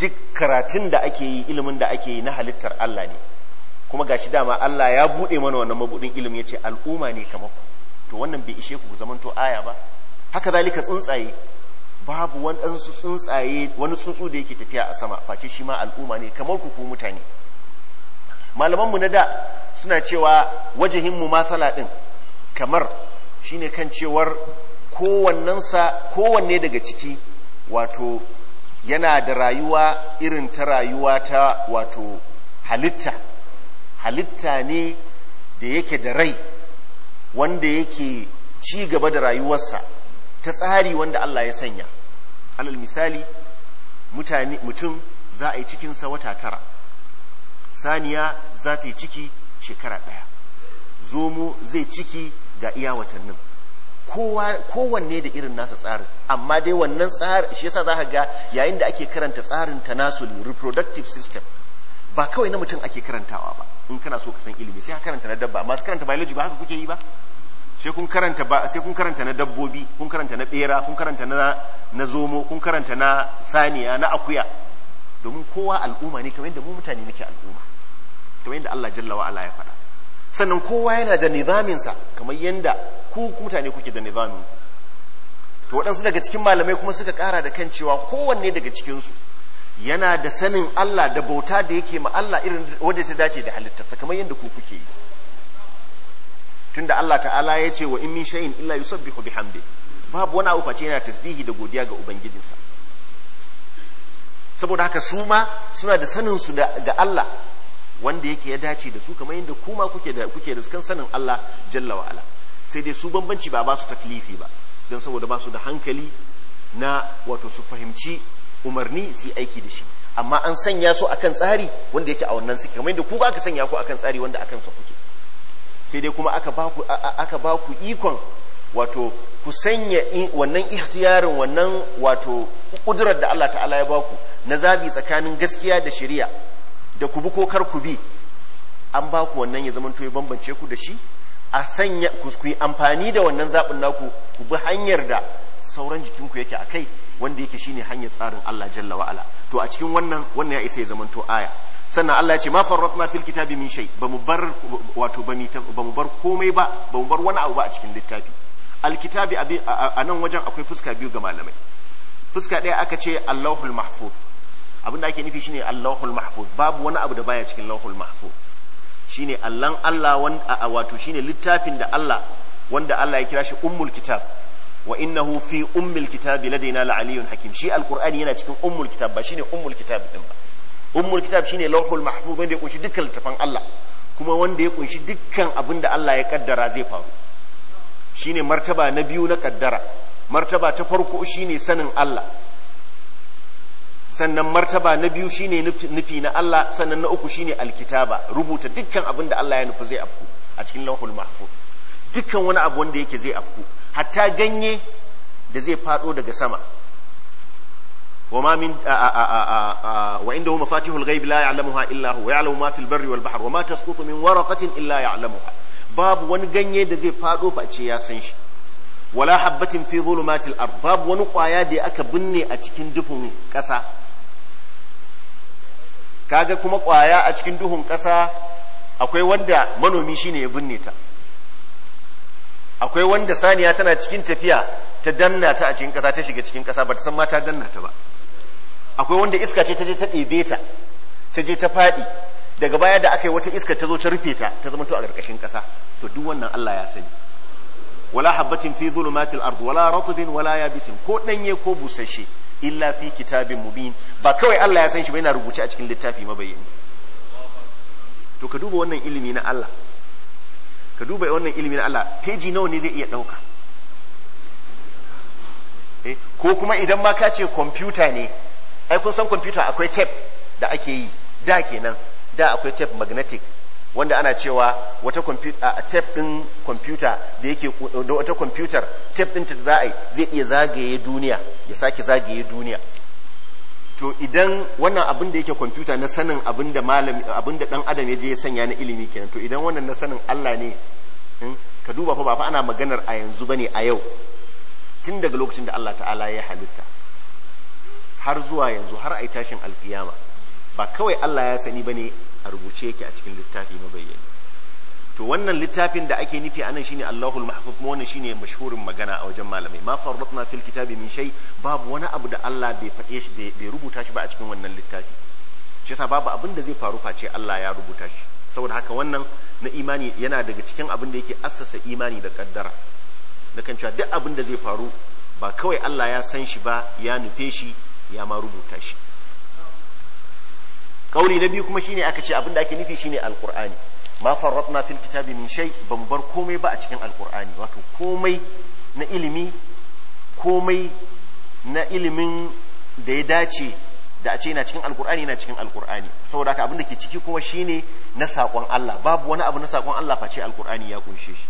duk karatun da ake yi ilimin da ake yi na halittar Allah ne kuma gashi dama Allah ya bude mana wannan mabudin ilimi yace al'umma ne kamar ku to wannan bai ishe ku zamanto aya ba haka zalika tsuntsaye babu waɗansu tsuntsaye wani tsuntsu da yake tafiya a sama face shi ma al'umma ne kamar ku ku mutane malamanmu na da suna cewa wajahin mu matsala ɗin kamar shine kan cewar kowannensa kowanne daga ciki wato yana da rayuwa irin ta rayuwa ta wato halitta halitta ne da yake da rai wanda yake ci gaba da rayuwarsa ta tsari wanda Allah ya sanya alal misali mutane mutum za a yi cikinsa wata tara saniya za ta yi ciki shekara ɗaya zomo zai ciki ga iya watannin kowanne da irin nasa tsarin amma dai wannan tsarin shi yasa za ga yayin da ake karanta tsarin ta tanasuli reproductive system ba kawai na mutum ake karantawa ba in kana so ka san ilimi sai ka karanta na dabba masu karanta biology ba haka kuke yi ba sai kun karanta ba sai kun karanta na dabbobi kun karanta na bera kun karanta na na zomo kun karanta na saniya na akuya domin kowa al'umma ne kamar yadda mu mutane nake al'umma kamar yadda Allah jalla wa ala ya faɗa sannan kowa yana da nizaminsa sa kamar yadda ku mutane kuke da nizamin to waɗansu daga cikin malamai kuma suka ƙara da kan cewa kowanne daga cikinsu yana da sanin Allah da bauta da yake ma Allah irin wanda ta dace da halittarsa kamar yadda ku kuke yi tunda Allah ta'ala ya ce wa in min shay'in illa yusabbihu bihamdi babu wani abu face yana tasbihi da godiya ga ubangijinsa saboda haka su ma suna da sanin su ga Allah wanda yake ya dace da su kamar yadda kuma kuke da kuke da sanin Allah jalla wa ala sai dai su bambanci ba ba su taklifi ba don saboda ba su da hankali na wato su fahimci umarni su yi aiki da shi amma an sanya su akan tsari wanda yake a wannan su kamar yadda ku aka sanya ku akan tsari wanda akan sa kuke sai dai kuma aka baku aka ikon wato ku sanya wannan ihtiyarin wannan wato kudurar da Allah ta'ala ya baku na zabi tsakanin gaskiya da shari'a da ku bi ko kar ku bi an baku wannan ya zama to ya bambance ku da shi a sanya ku yi amfani da wannan zaɓin naku ku bi hanyar da sauran jikinku yake a kai wanda yake shine hanyar tsarin Allah jalla wa'ala to a cikin wannan wannan ya isa ya zama to aya sannan Allah ya ce ma farratna fil kitabi min shay bamu bar wato bamu bar komai ba bamu bar wani abu ba a cikin littafi alkitabi a nan wajen akwai fuska biyu ga malamai fuska ɗaya aka ce Allahul mahfuz abinda ake nufi shine Allahul mahfuz babu wani abu da baya cikin Allahul mahfuz shine allan Allah wanda wato shine littafin da Allah wanda Allah ya kira shi ummul kitab wa innahu fi ummil kitab ladaina la'aliyun hakim shi alqur'ani yana cikin ummul kitab ba shine ummul kitab din ba ummul kitab shine lauhul mahfuz wanda ya kunshi dukkan littafan Allah kuma wanda ya kunshi dukkan abin da Allah ya kaddara zai faru shine martaba na biyu na kaddara martaba ta farko shine sanin Allah sannan martaba na biyu shine nufi na Allah sannan na uku shine alkitaba rubuta dukkan abin da Allah ya nufi zai afku a cikin lauhul mahfuz dukkan wani abu wanda yake zai afku hatta ganye da zai fado daga sama وما من وعنده مفاتيح الغيب لا يعلمها الا هو يعلم ما في البر والبحر وما تسقط من ورقه الا يعلمها باب wani ganye da zai fado face ya san shi wala habbatin fi zulumatil ard babu wani kwaya da aka binne a cikin duhun ƙasa kaga kuma kwaya a cikin duhun ƙasa akwai wanda manomi shine ya binne ta akwai wanda saniya tana cikin tafiya ta danna ta a cikin ƙasa ta shiga cikin ƙasa ba ta san ma ta danna ta ba akwai wanda iska ce ta je ta ɗebe ta ta je ta faɗi daga baya da aka yi wata iska ta zo ta rufe ta ta zama to a ƙarƙashin ƙasa to duk wannan Allah ya sani wala habbatin fi zulumatil ard wala ratbin wala yabisin ko danye ko busasshe illa fi kitabin mubin ba kawai Allah ya san shi ba yana rubuce a cikin littafi mabayyani to ka duba wannan ilimi na Allah ka duba wannan ilimi na Allah peji nawa ne zai iya dauka eh ko kuma idan ma ka ce computer ne ai kun san computer akwai tape da ake yi da kenan da akwai tape magnetic wanda ana cewa wata a tep din kwamfuta da yake da wata kwamfutar tep din ta za a yi zai iya zagaye duniya ya sake zagaye duniya to idan wannan abin da yake kwamfuta na sanin abin da malami abin da dan adam ya je ya sanya na ilimi kenan to idan wannan na sanin Allah ne hmm, ka duba fa ba fa ana maganar a yanzu bane a yau tun daga lokacin da Allah ta'ala ya halitta har zuwa yanzu har ai tashin alkiyama ba kawai Allah ya sani bane a rubuce yake a cikin littafi mabayyani to wannan littafin da ake nufi anan shine Allahul Mahfuz kuma wannan shine mashhurin magana a wajen malamai ma farratna fil kitabi min shay babu wani abu da Allah bai faɗe shi bai rubuta shi ba a cikin wannan littafi shi yasa babu abin da zai faru face Allah ya rubuta shi saboda haka wannan na imani yana daga cikin abin da yake assasa imani da kaddara na kan cewa duk abin da zai faru ba kawai Allah ya san shi ba ya nufe shi ya ma rubuta shi kauli na biyu kuma shine aka ce abin da ake nufi shine alqur'ani ma farratna fil kitabi min shay ban bar komai ba a cikin alqur'ani wato komai na ilimi komai na ilimin da ya dace da a ce yana cikin alqur'ani yana cikin alqur'ani saboda haka abin da ke ciki kuma shine na sakon Allah babu wani abu na sakon Allah face alqur'ani ya kunshe shi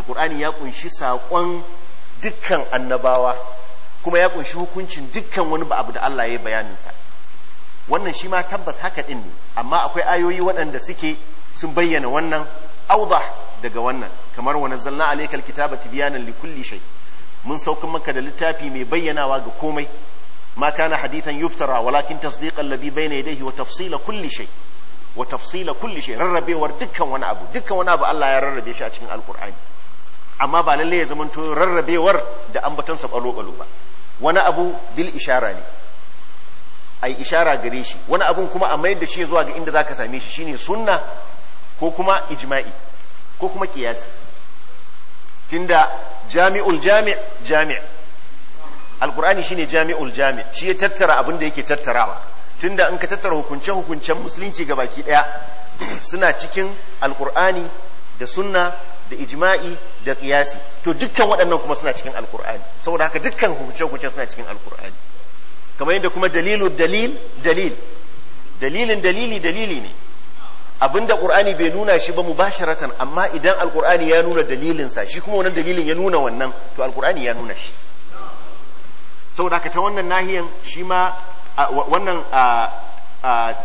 alqur'ani ya kunshi sakon dukkan annabawa kuma ya kunshi hukuncin dukkan wani abu da Allah ya yi bayaninsa sa wannan shi ma tabbas haka din ne amma akwai ayoyi waɗanda suke sun bayyana wannan audah daga wannan kamar wa nazzalna alaykal kitaba tibyanan likulli shay mun sauka maka da littafi mai bayyanawa ga komai ma kana hadithan yuftara walakin tasdiqa alladhi bayna yadayhi wa tafsila kulli shay wa tafsila kulli shay rarrabewar dukkan wani abu dukkan wani abu Allah ya rarrabe shi a cikin alqur'ani amma ba lalle ya zamanto rarrabewar da ambaton sa balo balo ba wani abu bil ishara ne ai ishara gare shi wani abun kuma a mayar da shi zuwa ga inda zaka same shi shine sunna ko kuma ijma'i ko kuma qiyasi tunda jami'ul jami' jami' alqur'ani shine jami'ul jami' shi ya tattara abin da yake tattarawa tunda in ka tattara hukunce hukuncen musulunci ga baki daya suna cikin alqur'ani da sunna da ijma'i da kiyasi to dukkan waɗannan kuma suna cikin alqur'ani saboda haka dukkan hukunce hukunce suna cikin alqur'ani kamar yadda kuma dalilu dalil dalil dalilin dalili dalili ne abinda qur'ani bai nuna shi ba mubasharatan amma idan alqur'ani ya nuna dalilin sa shi kuma wannan dalilin ya nuna wannan to alqur'ani ya nuna shi saboda haka ta wannan nahiyan shi ma wannan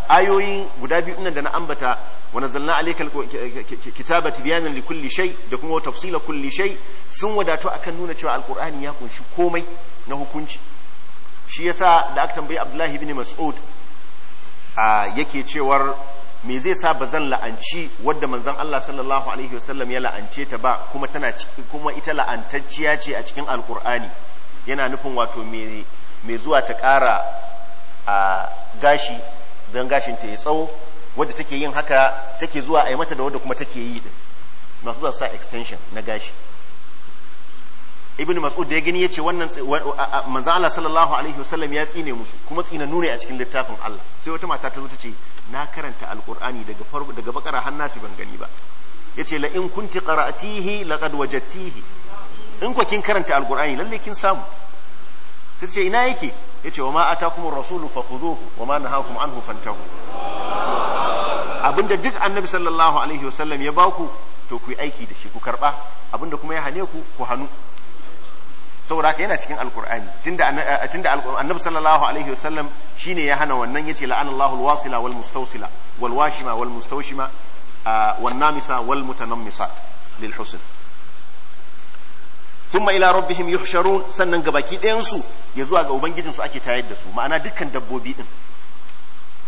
ayoyi guda biyu nan da na ambata wa nazzalna alaykal kitaba tibyanan likulli shay da kuma tafsila kulli shay sun wadatu akan nuna cewa alqur'ani ya kunshi komai na hukunci shi yasa da aka tambayi abdullahi bin mas'ud a yake cewar me zai sa ba zan la'anci wadda manzon Allah sallallahu alaihi wasallam ya la'ance ta ba kuma tana kuma ita la'antacciya ce a cikin alkur'ani yana nufin wato me zuwa ta kara a gashi don gashin ta ya tsawo wadda take yin haka take zuwa a yi mata da wadda kuma take yi din masu zuwa sa extension na gashi ibn mas'ud da ya gani yace wannan manzo Allah sallallahu alaihi wasallam ya tsine musu kuma tsina nune a cikin littafin Allah sai wata mata ta zo ta ce na karanta alqur'ani daga farko daga bakara har nasi ban gani ba yace la in kunti qara'atihi laqad wajadtihi in ko kin karanta alqur'ani lalle kin samu sai ce ina yake yace wa ma atakum ar-rasulu fakhuduhu wa ma nahakum anhu fantahu abinda duk annabi sallallahu alaihi wasallam ya baku to ku yi aiki da shi ku karba abinda kuma ya hane ku ku hanu saboda haka yana cikin alkur'ani tunda eh, annabi sallallahu alaihi wasallam shine ya hana wannan yace la'anallahu wasila wal mustawsila wal washima wal mustawshima ah, wan namisa wal mutanammisa lil husn thumma ila rabbihim yuhsharun sannan gabaki ɗayan su ya zuwa ga ubangijinsu ake tayar da su ma'ana dukkan dabbobi din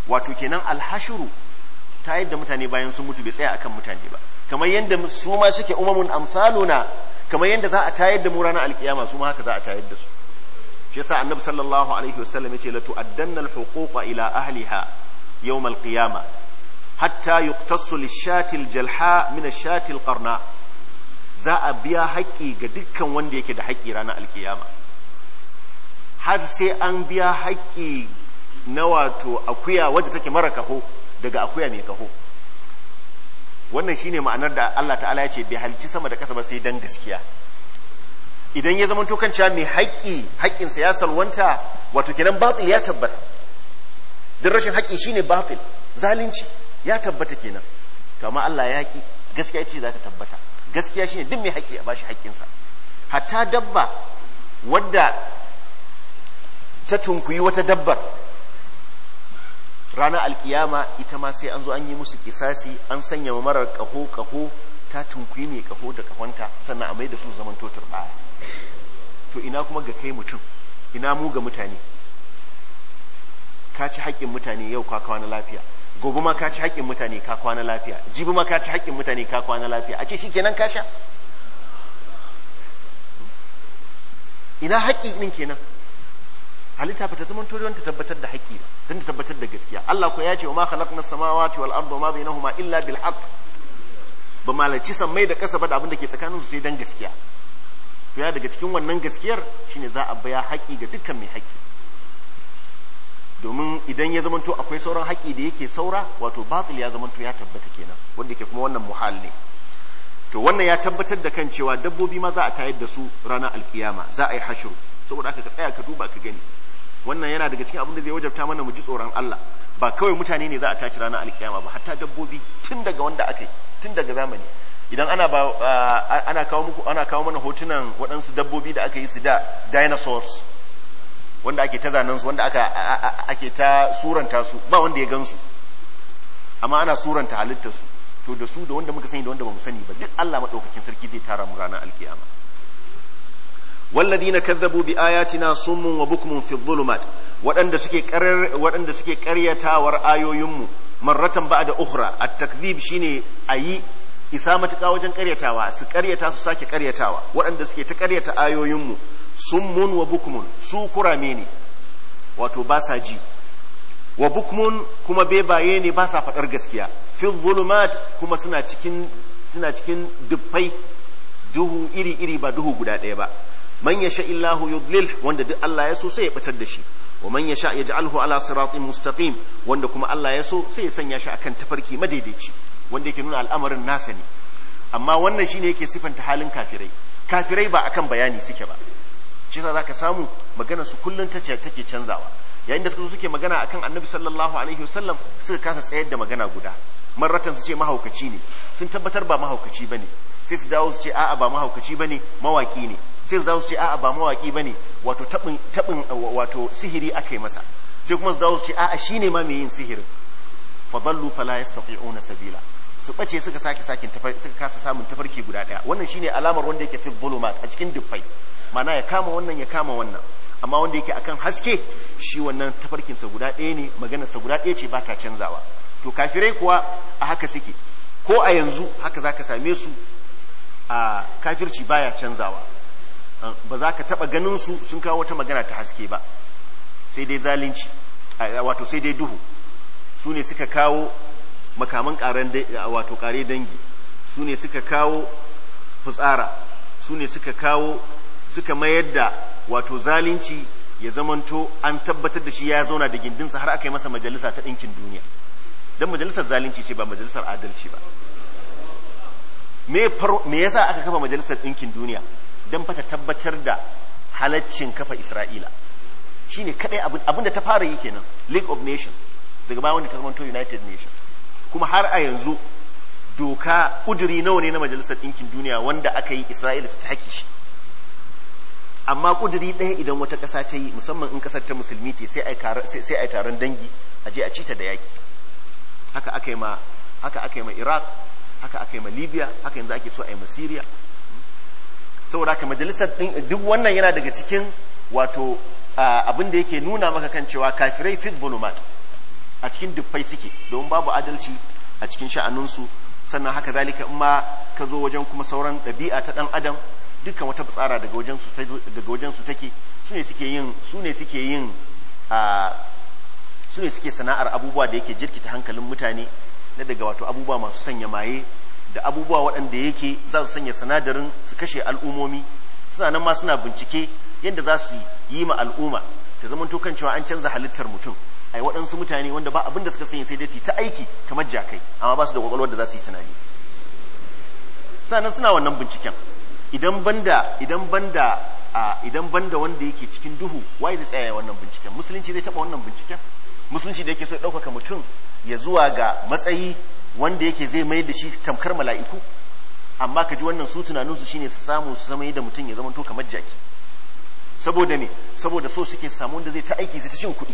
wato kenan alhashuru tayar da mutane bayan sun mutu bai tsaya akan mutane ba kamar yadda su ma suke umamun amsaluna kamar yadda za a tayar da mu ranar alkiyama su ma haka za a tayar da su shi yasa annabi sallallahu alaihi wasallam yace la tu'addanna al-huquqa ila ahliha yawm al-qiyama hatta yuqtasu lish-shati al-jalha min ash-shati al-qarna za a biya haƙƙi ga dukkan wanda yake da haƙƙi ranar alkiyama har sai an biya haƙƙi na wato akuya wadda take mara kaho daga akuya mai kaho wannan shine ma'anar da Allah ta'ala ya ce bai halci sama da ƙasa ba sai dan gaskiya idan ya zama tokan cewa mai haƙƙi haƙƙinsa ya salwanta wato kenan batil ya tabbata duk rashin haƙƙi shine batil zalunci ya tabbata kenan to amma Allah ya haƙi gaskiya ce za ta tabbata gaskiya shine duk mai haƙƙi a bashi haƙƙinsa hatta dabba wadda ta tunkuyi wata dabbar ranar alkiyama ita ma sai an zo an yi musu kisasi an sanya marar kaho kaho ta tunkuyi mai kaho da kahonta sannan a mai da su zaman totar ɗaya to ina kuma ga kai mutum ina mu ga mutane ka ci haƙƙin mutane yau ka kwana lafiya gobe ma ka ci haƙƙin mutane ka kwana lafiya jibi ma ka ci haƙƙin mutane ka kwana lafiya a ce shikenan ka sha ina haƙƙi ɗin kenan halitta ba ta zama to ta tabbatar da haƙƙi ba don ta tabbatar da gaskiya Allah ko ya ce wa ma khalaqna samawati wal arda ma bainahuma illa bil haqq ba malaci mai da kasa ba da abin da ke tsakanin su sai dan gaskiya to ya daga cikin wannan gaskiyar shine za a baya haƙi ga dukkan mai haƙi domin idan ya zamanto akwai sauran haƙi da yake saura wato batil ya zamanto ya tabbata kenan wanda ke kuma wannan muhalli. to wannan ya tabbatar da kan cewa dabbobi ma za a tayar da su ranar alkiyama za a yi hashuru saboda aka ka tsaya ka duba ka gani wannan yana daga cikin abin da zai wajabta mana mu ji tsoron Allah ba kawai mutane ne za a tashi ranar alkiyama ba hatta dabbobi tun daga wanda aka yi tun daga zamani idan ana ba ana kawo muku ana kawo mana hotunan waɗansu dabbobi da aka yi su da dinosaurs wanda ake ta zanen su wanda aka ake ta suranta su ba wanda ya gansu amma ana suranta halittar su to da su da wanda muka sani da wanda bamu sani ba duk Allah madaukakin sarki zai tara mu ranar alkiyama walladina kazzabu bi ayatina summun wa bukmun fi dhulumat waɗanda suke wadanda suke ƙaryatawar ayoyinmu marratan ba'da ukhra at-takdhib shine ayi isa matuka wajen ƙaryatawa su ƙaryata su sake ƙaryatawa waɗanda suke ta ƙaryata ayoyinmu summun wa bukmun su kurame ne wato ba sa ji wa bukmun kuma bebaye ne ba sa faɗar gaskiya fi dhulumat kuma suna cikin suna cikin duffai duhu iri-iri ba duhu guda ɗaya ba man yasha illahu yudlil wanda duk Allah ya so sai ya batar da shi wa man yasha yaj'alhu ala siratin mustaqim wanda kuma Allah ya so sai ya sanya shi akan tafarki madaidaici wanda yake nuna al'amarin nasa ne amma wannan shine yake sifanta halin kafirai kafirai ba akan bayani suke ba shi yasa zaka samu magana su kullun ta take canzawa yayin da suka suke magana akan annabi sallallahu alaihi wasallam suka kasa tsayar da magana guda marratan su ce mahaukaci ne sun tabbatar ba mahaukaci bane sai su dawo su ce a'a ba mahaukaci bane mawaki ne sai za su ce a'a ba mawaki bane wato tabin uh, wato sihiri akai masa sai kuma su dawo su ce a'a shine ma mai yin sihirin fadallu fala yastati'una sabila su bace suka sake sakin suka kasa samun tafarki guda daya wannan shine alamar wanda yake fi zulumat a cikin dubbai mana ya kama wannan ya kama wannan amma wanda yake akan haske shi wannan tafarkin sa guda daya ne maganar sa guda daya ce ba ta canzawa to kafirai kuwa a haka suke ko a yanzu haka zaka same su a kafirci baya canzawa Uh, ba za ka taɓa ganin su sun kawo wata magana ta haske ba sai dai zalunci wato sai dai duhu su ne suka kawo makaman wato ƙare dangi su ne suka kawo fitsara su ne suka kawo suka mayar da wato zalunci ya zamanto an tabbatar da shi ya zauna da gindinsa har aka yi masa majalisa ta ɗinkin duniya don majalisar zalunci ce ba majalisar adalci ba me yasa aka kafa majalisar ɗinkin duniya don fata tabbatar da halaccin kafa Isra'ila shine kadai abin da ta fara yi kenan League of Nations daga bayan wanda ta zama United Nations kuma har a yanzu doka kuduri nawa ne na majalisar ɗinkin duniya wanda aka yi Isra'ila ta take shi amma kuduri ɗaya idan wata ƙasa ta yi musamman in ƙasar ta musulmi ce sai a yi taron dangi a je a cita da yaƙi haka aka yi ma haka aka yi ma iraq haka aka yi ma libya haka yanzu ake so a yi ma syria saboda haka majalisar din duk wannan yana daga cikin wato abin da yake nuna maka kan cewa kafirai fit volumat a cikin dubbai suke domin babu adalci a cikin sha'anunsu sannan haka zalika in ma ka zo wajen kuma sauran ɗabi'a ta ɗan adam dukkan wata fitsara daga wajen daga wajen su take su ne suke yin su ne suke yin su ne suke sana'ar abubuwa da yake jirkita hankalin mutane na daga wato abubuwa masu sanya maye da abubuwa waɗanda yake za su sanya sinadarin su kashe al'umomi suna nan ma suna bincike yadda za su yi ma al'umma ta zama to cewa an canza halittar mutum ai waɗansu mutane wanda ba abin da suka sanya sai dai su ta aiki kamar jakai amma ba su da kwakwalwar da za su yi tunani sannan suna wannan binciken idan banda idan banda idan banda wanda yake cikin duhu waye zai tsaya wannan binciken musulunci zai taba wannan binciken musulunci da yake so ɗaukaka mutum ya zuwa ga matsayi wanda yake zai mai da shi tamkar mala'iku amma ka ji wannan su tunaninsu shine su samu su zama da mutum ya zama to kamar jaki saboda me saboda so suke samu wanda zai ta aiki su ta shin kuɗi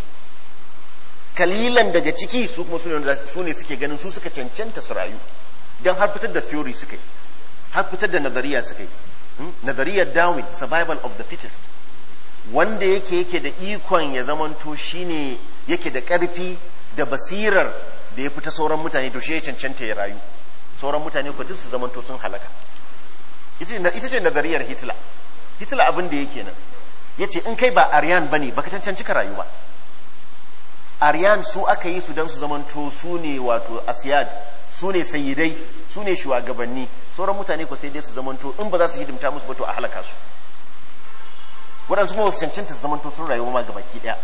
kalilan daga ciki su kuma su ne suke ganin su suka cancanta su rayu don har fitar da theory suka yi har fitar da nazariya suka yi hmm? nazariyar darwin survival of the fittest wanda yake yake da ikon ya zamanto shine yake da ƙarfi da basirar da ya fita ta sauran mutane to shi ya cancanta ya rayu sauran mutane ku duk su zamanto sun halaka ita ce nazariyar hitler hitler abin da yake nan ya ce in kai ba aryan ba ne baka cancanci ka rayu ba aryan su aka yi su don su zamanto su ne wato asiyad su ne sayidai su ne shugabanni sauran mutane ku sai dai su zamanto in ba za su hidimta musu ba to a halaka su waɗansu kuma cancanta su zamanto sun rayu ma gabaki ɗaya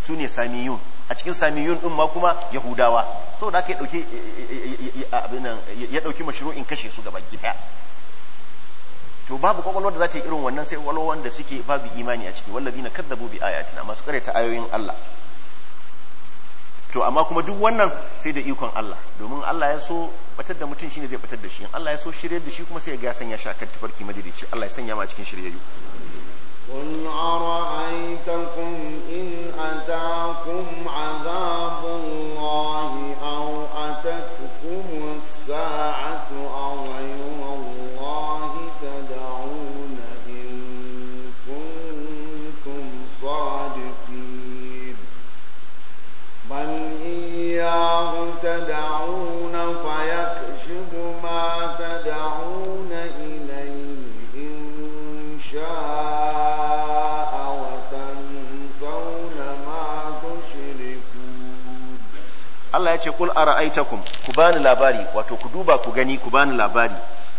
su ne sami yun. a cikin samiyun din ma kuma yahudawa saboda haka yi dauki eh, eh, eh, ya dauki mashru'in kashe su gaba ki daya to babu kwakwalwar da za ta yi irin wannan sai kwakwalwar da suke babu imani a ciki wallazi na kadzabu bi ayatina masu ta ayoyin Allah to amma kuma duk wannan sai da ikon Allah domin Allah ya so batar da mutum shine zai batar da shi Allah ya so shirye da shi kuma sai ya ga sanya shi akan tafarki madirici Allah ya sanya ma cikin shiryayyu قل أرأيتكم إن أتاكم عذاب الله أو أتتكم الساعة أو غير الله تدعون إن كنتم صادقين بل إياه تدعون فيكشف ما Allah ya ce kul ara'aitakum ku bani labari wato ku duba ku gani ku bani labari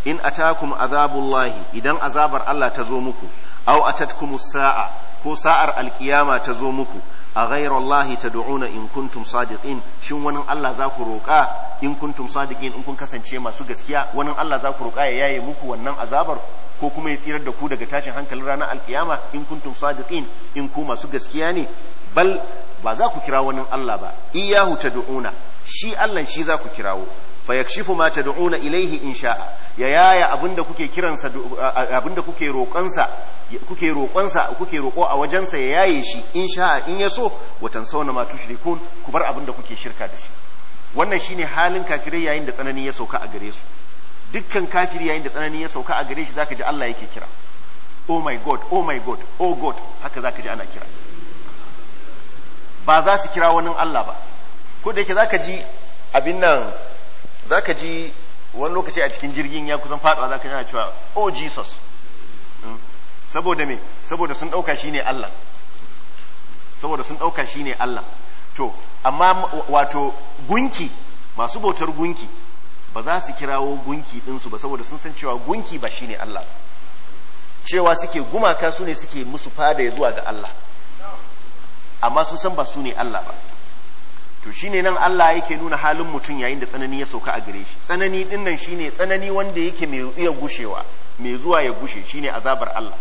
in atakum azabullahi idan azabar Allah ta zo muku aw atatkum sa'a ko sa'ar alkiyama ta zo muku a ghayra Allah tad'una in kuntum sadiqin shin wannan Allah za ku roka in kuntum sadiqin in kun kasance masu gaskiya wannan Allah za ku roka ya yaye muku wannan azabar ko kuma ya tsirar da ku daga tashin hankalin ranar alkiyama in kuntum sadiqin in ku masu gaskiya ne bal ba za ku kira wani Allah ba iyahu tad'una shi Allah shi za ku kirawo fa yakshifu ma tad'una ilaihi in sha'a ya yaya abinda kuke kiransa abinda kuke roƙonsa kuke roƙonsa kuke roƙo a wajensa ya yaye shi in sha'a in ya so Watan Sauna ma tushrikun ku bar abinda kuke shirka da shi wannan shine halin kafirai yayin da tsanani ya sauka a gare su dukkan kafiri yayin da tsanani ya sauka a gare shi zaka ji Allah yake kira oh my god oh my god oh god haka zaka ji ana kira ba za su kira wani Allah ba ko da yake zaka ji abin nan zaka ji wani lokaci a cikin jirgin ya kusan faɗuwa zaka ji ana cewa oh jesus hmm. saboda me saboda sun ɗauka shi ne Allah saboda sun ɗauka shi ne Allah to amma wato gunki masu bautar gunki ba za su kirawo gunki ɗinsu ba saboda sun san cewa gunki ba shi ne Allah cewa suke gumaka su ne suke musu fada zuwa ga Allah amma sun san ba su ne Allah ba to shine nan Allah yake nuna halin mutum yayin da tsanani ya sauka a gare shi tsanani din nan shine tsanani wanda yake mai iya gushewa mai zuwa ya gushe shine azabar Allah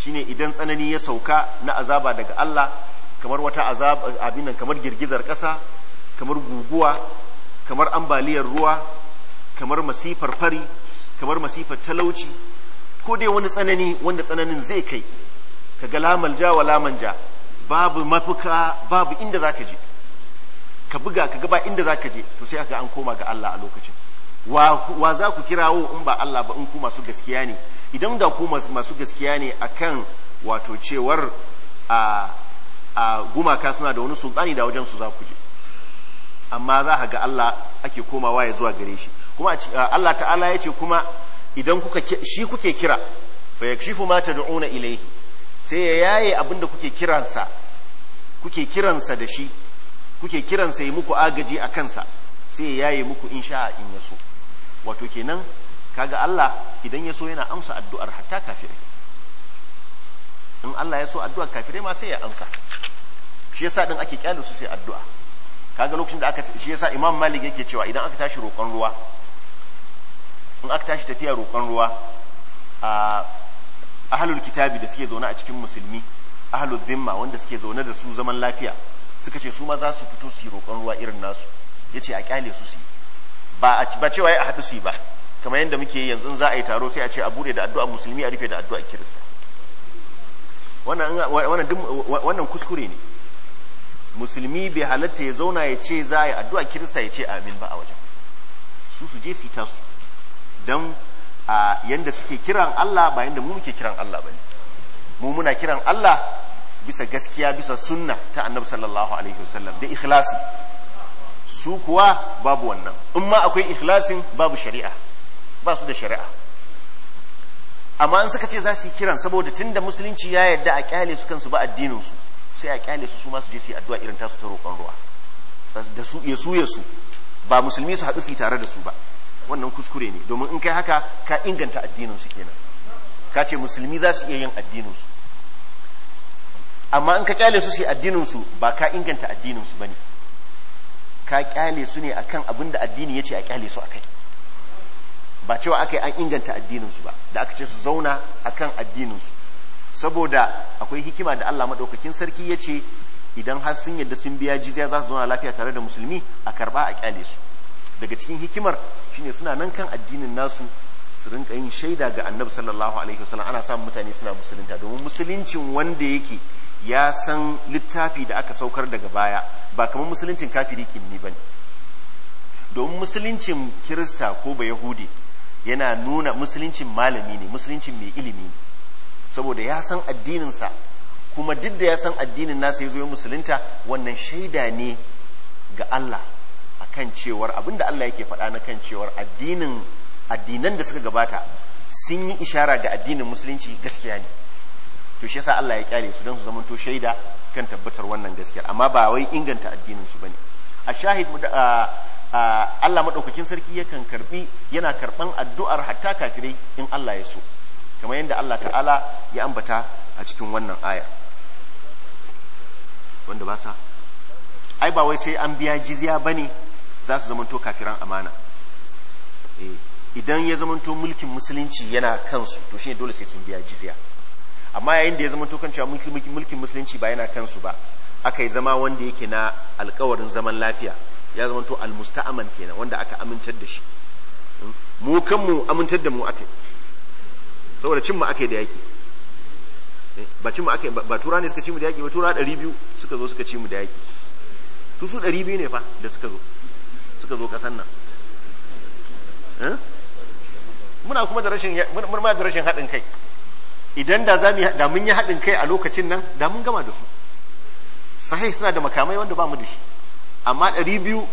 shine idan tsanani ya sauka na azaba daga Allah kamar wata azab abin nan kamar girgizar ƙasa kamar guguwa kamar ambaliyar ruwa kamar masifar fari kamar masifar talauci ko dai wani tsanani wanda tsananin zai kai kaga lamal ja wa laman ja babu mafuka babu inda zaka je ka buga ka gaba inda zaka je to sai aka an koma ga Allah a lokacin wa, wa za ku kirawo in ba Allah ba in ku masu gaskiya ne idan da ku masu gaskiya ne akan wato cewar a, a gumaka suna da wani sultani da wajen su za ku je amma za ga Allah ake komawa ya zuwa gare shi kuma Allah ta'ala ya ce kuma idan kuka shi kuke kira fa yakshifu ma tad'una ilayhi sai ya yaye abin da kuke kiransa kuke kiransa da shi kuke kiransa yi muku agaji a kansa sai ya yaye muku in sha'a in ya so wato kenan kaga Allah idan ya so yana amsa addu'ar hatta kafirai in Allah ya so addu'ar kafirai ma sai ya amsa shi yasa din ake kyale su sai addu'a kaga lokacin da aka shi yasa Imam Malik yake cewa idan aka tashi roƙon ruwa in aka tashi tafiya roƙon ruwa a ahlul kitabi da suke zaune a cikin musulmi ahlul zimma wanda suke zaune da su zaman lafiya suka ce su ma za su fito su yi roƙon ruwa irin nasu ya ce a kyale su su ba ba cewa ya haɗu su ba kamar yadda muke yanzu za a yi taro sai a ce a bude da addu'a musulmi a rufe da addu'a kirista wannan kuskure ne musulmi bai halatta ya zauna ya ce za a yi addu'a kirista ya ce amin ba a wajen su su je su tasu don a yanda suke kiran Allah ba yadda mu muke kiran Allah bane mu muna kiran Allah bisa gaskiya bisa sunna ta annabi sallallahu alaihi wasallam da ikhlasi su kuwa babu wannan in ma akwai ikhlasin babu shari'a ba su da shari'a amma an suka ce za su yi kiran saboda tunda musulunci ya yarda a kyale su kansu ba addinin su sai a kyale su su ma su je su yi addu'a irin tasu ta roƙon ruwa da su ya su ba musulmi su haɗu su yi tare da su ba wannan kuskure ne domin in kai haka ka inganta addinin su kenan ka ce musulmi za su iya yin addinin su amma in ka kyale su su addinin su ba ka inganta addinin su bane ka kyale su ne akan abin da addini ya ce a kyale su akai ba cewa aka yi an inganta addinin su ba da aka ce su zauna akan addinin su saboda akwai hikima da Allah madaukakin sarki ya ce idan har sun yadda sun biya jizya za su zauna lafiya tare da musulmi a karba a kyale su daga cikin hikimar shine suna nan kan addinin nasu su rinka yin shaida ga annabi sallallahu alaihi wasallam ana samun mutane suna musulunta domin musuluncin wanda yake ya san littafi da aka saukar daga baya ba kamar musuluncin kafiri kinni bane domin musuluncin kirista ko ba yahudi yana nuna musuluncin malami ne musuluncin mai ilimi ne saboda ya san addininsa kuma duk da ya san addinin nasa ya zo musulunta wannan shaida ne ga Allah kan cewar abinda Allah yake faɗa na kan cewar addinin addinan da suka gabata sun yi ishara ga addinin musulunci gaskiya ne to shi yasa Allah ya kyale su don su zamanto shaida kan tabbatar wannan gaskiya amma ba wai inganta addinin su bane a shahid Allah madaukakin sarki yakan karbi yana karban addu'ar hatta kafirai in Allah ya so kamar yadda Allah ta'ala ya ambata a cikin wannan aya wanda ba sa ai ba wai sai an biya jizya bane za su zamanto kafiran amana eh, idan ya zamanto mulkin musulunci yana kansu to ne dole sai sun biya jizya amma yayin da ya zamanto kan cewa mulkin musulunci ba yana kansu ba aka yi zama wanda yake na alkawarin zaman lafiya ya zamanto almusta'aman kenan wanda aka amintar da shi hmm? mu kanmu amintar da mu aka saboda cin mu aka da yaki eh, ba cin mu aka ba tura ne suka ci mu da yaki ba tura 200 suka zo suka ci mu da yaki su su 200 ne fa da suka zo suka zo kasan nan eh? muna kuma da rashin muna da rashin haɗin kai idan da za da mun yi haɗin kai a lokacin nan da mun gama da su sahih suna da makamai wanda ba mu da shi amma ɗari biyu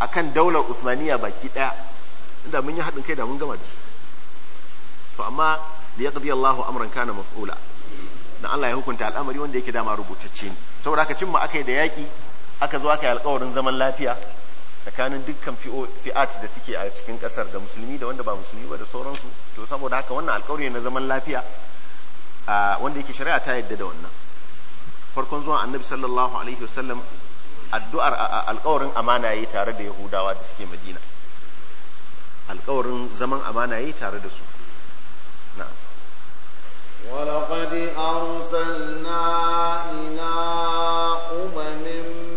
a kan daular usmaniya baki ɗaya inda mun yi haɗin kai da mun gama da su to amma da ya ƙabi allahu amran kana mas'ula na allah ya hukunta al'amari wanda yake dama rubutacce ne saboda haka cimma aka yi da yaƙi aka zo aka yi alƙawarin zaman lafiya tsakanin dukkan fi'at da suke a cikin kasar da musulmi da wanda ba musulmi ba da sauransu to saboda haka wannan alkawari na zaman lafiya wanda yake shari'a ta yadda da wannan farkon zuwa annabi sallallahu alaihi wasallam addu'ar alkawarin amana yayi tare da yahudawa da suke madina alkawarin zaman amana yayi tare da su na'am ولقد أرسلنا إلى أمم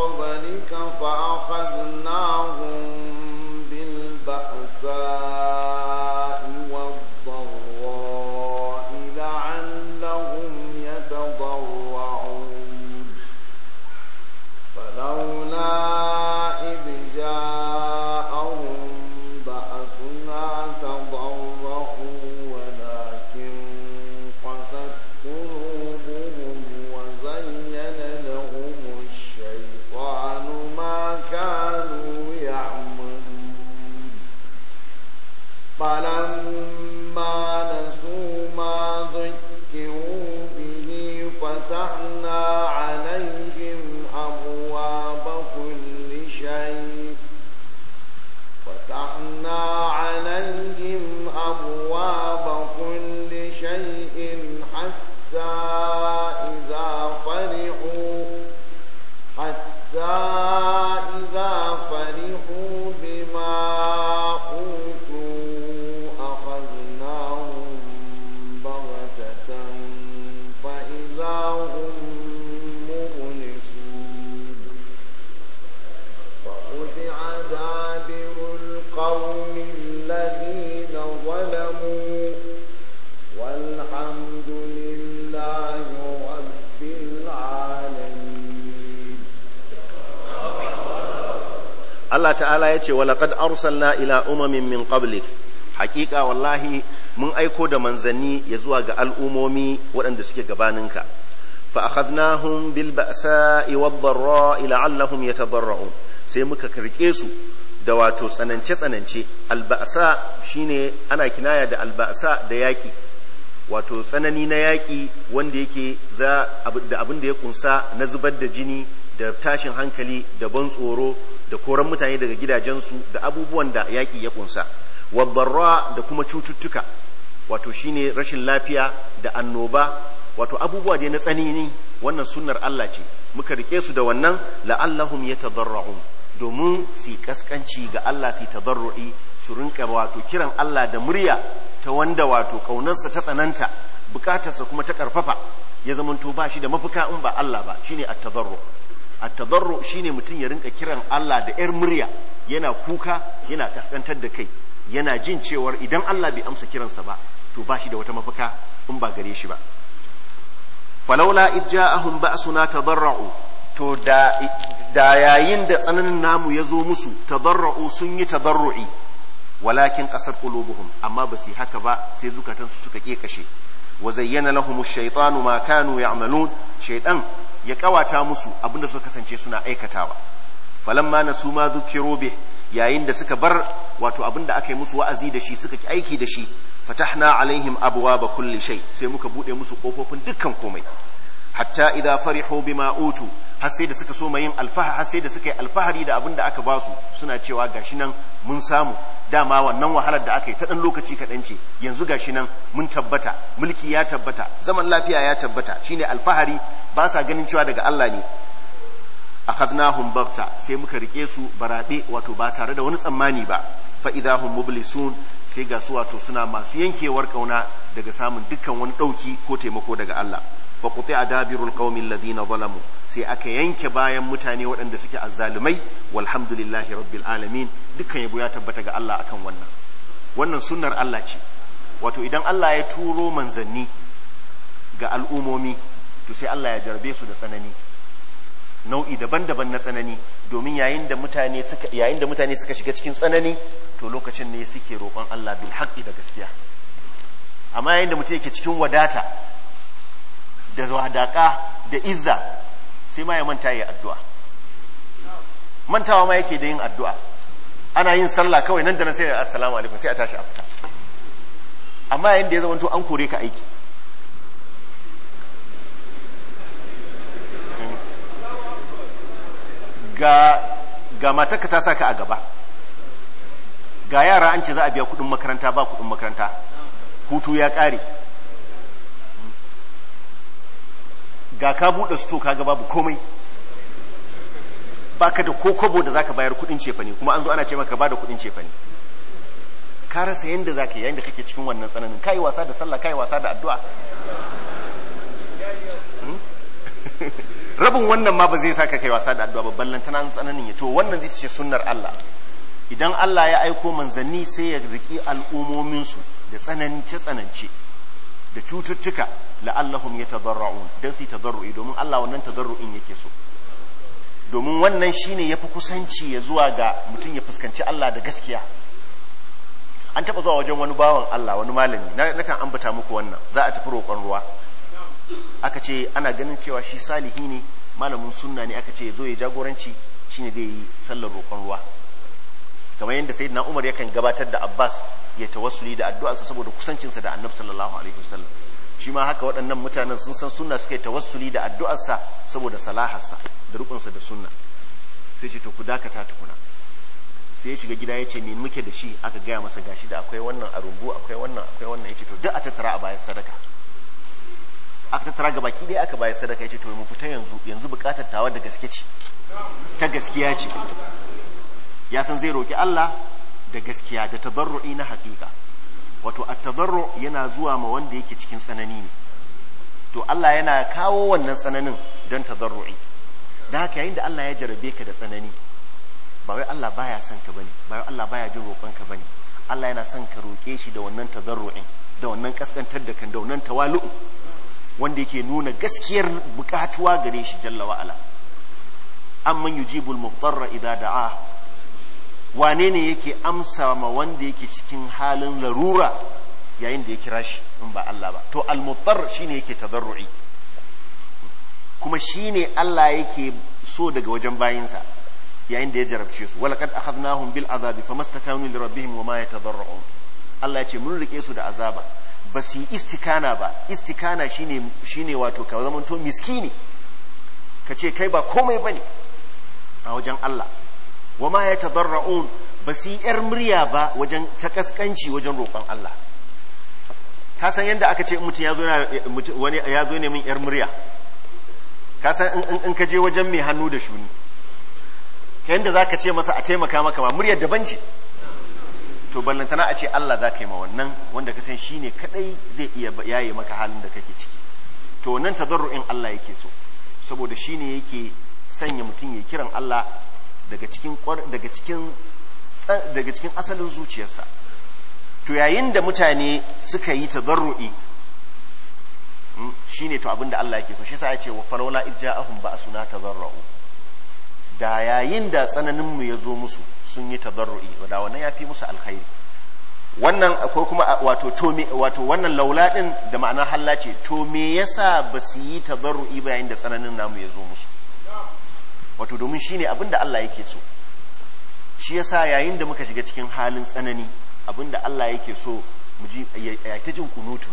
قبلك فأخذناهم بالبأساء Balam ce walaqad arsalna ila umamin min qablik haƙiƙa wallahi mun aiko da manzanni ya zuwa ga al'umomi waɗanda suke gabaninka fa akhadnahum bil ba'sa'i wad dharra'i la'allahum yatadarra'un sai muka karke su da wato tsanance tsanance al ba'sa shine ana kinaya da al ba'sa da yaki wato tsanani na yaki wanda yake za da abin da ya kunsa na zubar da jini da tashin hankali da ban tsoro da koran mutane daga gidajensu da abubuwan da yaƙi ya ƙunsa wadarra da kuma cututtuka wato shine rashin lafiya da annoba wato abubuwa dai na tsanini wannan sunar Allah ce muka rike su da wannan la'allahum yatadarra'un domin su kaskanci ga Allah su tadarru'i su rinka wato kiran Allah da murya ta wanda wato ƙaunarsa ta tsananta bukatarsa kuma ta ƙarfafa ya zamanto ba shi da mafuka in ba Allah ba shine at-tadarru' a tadarru shine mutum ya rinka kiran Allah da yar murya yana kuka yana kaskantar da kai yana jin cewar idan Allah bai amsa kiransa ba to ba shi da wata mafaka in ba gare shi ba falaula idja'ahum ba'suna tazarra'u to da da yayin da tsananin namu ya zo musu tazarra'u sun yi tazarru'i walakin qasat qulubuhum amma ba su haka ba sai zukatansu suka kekashe wa zayyana lahumu shaytanu ma kanu ya'malun shaytan ya kawata musu abinda suka kasance suna aikatawa falamma na su ma zukiro bih yayin da suka bar wato abinda aka yi musu wa'azi da shi suka ki aiki da shi fatahna alaihim ba kulli shay sai muka bude musu kofofin dukkan komai hatta idza farihu bima utu har sai da suka so yin alfahari har sai da suka yi alfahari da abin da aka ba su suna cewa gashi nan mun samu dama wannan wahalar da aka yi ta dan lokaci kaɗan ce yanzu gashi nan mun tabbata mulki ya tabbata zaman lafiya ya tabbata shine alfahari ba sa ganin cewa daga Allah ne akhadnahum baghta sai muka rike su barabe wato ba tare da wani tsammani ba fa idahum mublisun sai ga su wato suna masu yankewar kauna daga samun dukkan wani ɗauki ko taimako daga Allah faƙuti a dabirul ƙaumin ladina zalamu sai aka yanke bayan mutane waɗanda suke azzalumai walhamdulillahi rabbil alamin dukkan yabo ya tabbata ga Allah akan wannan wannan sunnar Allah ce wato idan Allah ya turo manzanni ga al'umomi to sai Allah ya jarbe su da tsanani nau'i daban-daban na tsanani domin yayin da mutane suka yayin da mutane suka shiga cikin tsanani to lokacin ne suke roƙon Allah bil haqqi da gaskiya amma yayin da mutum yake cikin wadata da wadaka da izza sai ma ya manta ya addu'a mantawa ma yake da yin addu'a ana yin sallah kawai nan da nan sai da assalamu alaikum sai a tashi a fita amma yayin da ya zama to an kore ka aiki ga ga matarka ta saka a gaba ga yara an ce za a biya kudin makaranta ba kudin makaranta hutu ya kare ga ka buɗe sto kaga babu komai baka da ko kobo da zaka bayar kuɗin cefane kuma an zo ana ce maka bada kuɗin cefane ka rasa yanda zaka yi yayin kake cikin wannan tsananin kai wasa da sallah kai wasa da addu'a hmm? rabin wannan ma ba zai saka kai wasa da addu'a ba ballan tana tsananin ya to wannan zai ce sunnar Allah idan Allah ya aiko manzanni sai ya riki al'umominsu da tsanance tsanance da cututtuka la'allahum yatadarra'un dan su tadarru'i domin Allah wannan tadarru'in yake so domin wannan shine yafi kusanci ya zuwa ga mutum ya fuskanci Allah da gaskiya an taba zuwa wajen wani bawan Allah wani malami na kan ambata muku wannan za a tafi roƙon ruwa aka ce ana ganin cewa shi salihi ne malamin sunna ne aka ce ya zo ya jagoranci ne zai yi sallar roƙon ruwa kamar yadda na Umar yakan gabatar da Abbas ya tawassuli da addu'arsa saboda kusancinsa da Annabi sallallahu alaihi wasallam shi ma haka waɗannan mutanen sun san sunna suka yi tawassuli da addu'arsa saboda salaharsa da rukunsa da sunna sai shi to ku dakata tukuna sai ya shiga gida ya ce me muke da shi aka gaya masa gashi da akwai wannan a rumbu akwai wannan akwai wannan ya ce to duk a tattara a bayan sadaka aka tattara ga baki ɗaya aka bayan sadaka ya ce to mu fita yanzu yanzu bukatar ta da gaske ce ta gaskiya ce ya san zai roki Allah da gaskiya da tabarru'i na haƙiƙa wato at yana zuwa ma wanda yake cikin tsanani ne to Allah yana kawo wannan tsananin don tadarru'i da haka yayin da Allah ya jarabe ka da tsanani ba wai Allah baya son ka bane ba wai Allah baya jin roƙon ka bane Allah yana son ka roƙe shi da wannan tadarru'in da wannan kaskantar da kan da wannan tawalu'u wanda yake nuna gaskiyar bukatuwa gare shi jalla wa ala amman yujibul muqtarra idza da'a wane ne yake amsa ma wanda yake cikin halin larura yayin da ya kira shi in ba Allah ba to al shi ne yake tadarrui kuma shine Allah yake so daga wajen bayinsa yayin da ya jarabce su walaqad akhadnahum bil azabi famastakanu li rabbihim ma yatadarrun Allah ya ce mun rike su da azaba ba su yi istikana ba istikana shine shine wato ka zamanto miskini ka ce kai ba komai bane a wajen Allah wa ma yatadarra'un ba su yar murya ba wajen ta kaskanci wajen roƙon Allah ka san yadda aka ce mutum ya zo ya yar murya ka san in ka je wajen mai hannu da shuni ka yadda za ka ce masa a taimaka maka ba muryar daban ce to ballantana a ce Allah za ka yi ma wannan wanda ka san shi ne kaɗai zai iya yaye maka halin da kake ciki to nan tazarru'in Allah yake so saboda shi ne yake sanya mutum ya kiran Allah daga cikin daga cikin daga cikin asalin zuciyarsa to yayin da mutane suka yi tazarru'i hmm, shine to abinda Allah yake so shi yasa ya ce wa falawla idja'ahum ba'suna tazarru'u da yayin da tsananin mu ya zo musu sun yi tazarru'i da wannan yafi musu alkhairi wannan akwai kuma wato to me wato wannan laulaɗin da ma'ana halla ce to me yasa ba su yi tazarru'i ba yayin da tsananin namu ya zo musu wato domin shine abin da Allah yake so shi yasa yayin da muka shiga cikin halin tsanani abin da Allah yake so mu ji ta jin kunutu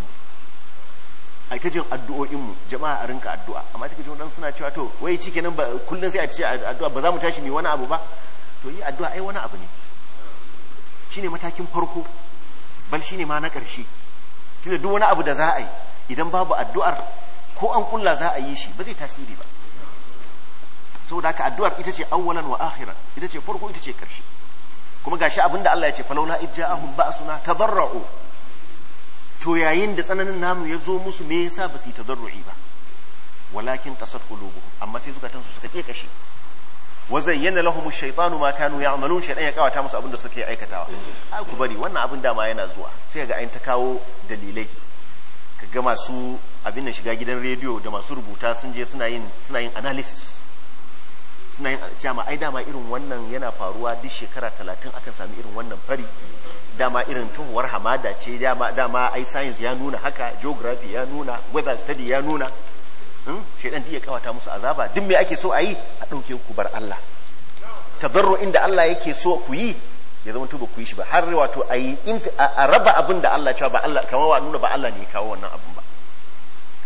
a ta jin addu'o'inmu jama'a a rinka addu'a amma cikin jin wadansu suna cewa to wai ci kenan ba sai a ce addu'a ba za mu tashi mai wani abu ba to yi addu'a ai wani abu ne shine matakin farko bal shine ma na ƙarshe tunda duk wani abu da za a yi idan babu addu'ar ko an kulla za a yi shi ba zai tasiri ba saboda haka addu'ar ita ce awwalan wa akhiran ita ce farko ita ce karshe kuma gashi abinda Allah ya ce falawla suna ba'suna tadarru to yayin da tsananin namu ya zo musu me yasa ba su yi tadarru'i ba walakin qasat qulubuhum amma sai zukatan su suka kashi wa zayyana lahum ash-shaytanu ma kanu ya'malun shaytan ya kawata musu abin da suke aikatawa a ku bari wannan abin da ma yana zuwa sai ga ayin ta kawo dalilai kaga masu abin da shiga gidan rediyo da masu rubuta sun je suna yin suna yin analysis suna yin cama ai dama irin wannan yana faruwa duk shekara talatin akan sami irin wannan fari dama irin tuhuwar hamada ce dama dama ai science ya nuna haka geography ya nuna weather study ya nuna hmm? shaidan duk ya kawata musu azaba duk me ake so a yi a ɗauke ku bar Allah tadarru inda Allah yake so ku yi ya zama tuba ku yi shi ba har wato a yi a raba abin da Allah cewa ba Allah kamar wa nuna ba Allah ne ya kawo wannan abin ba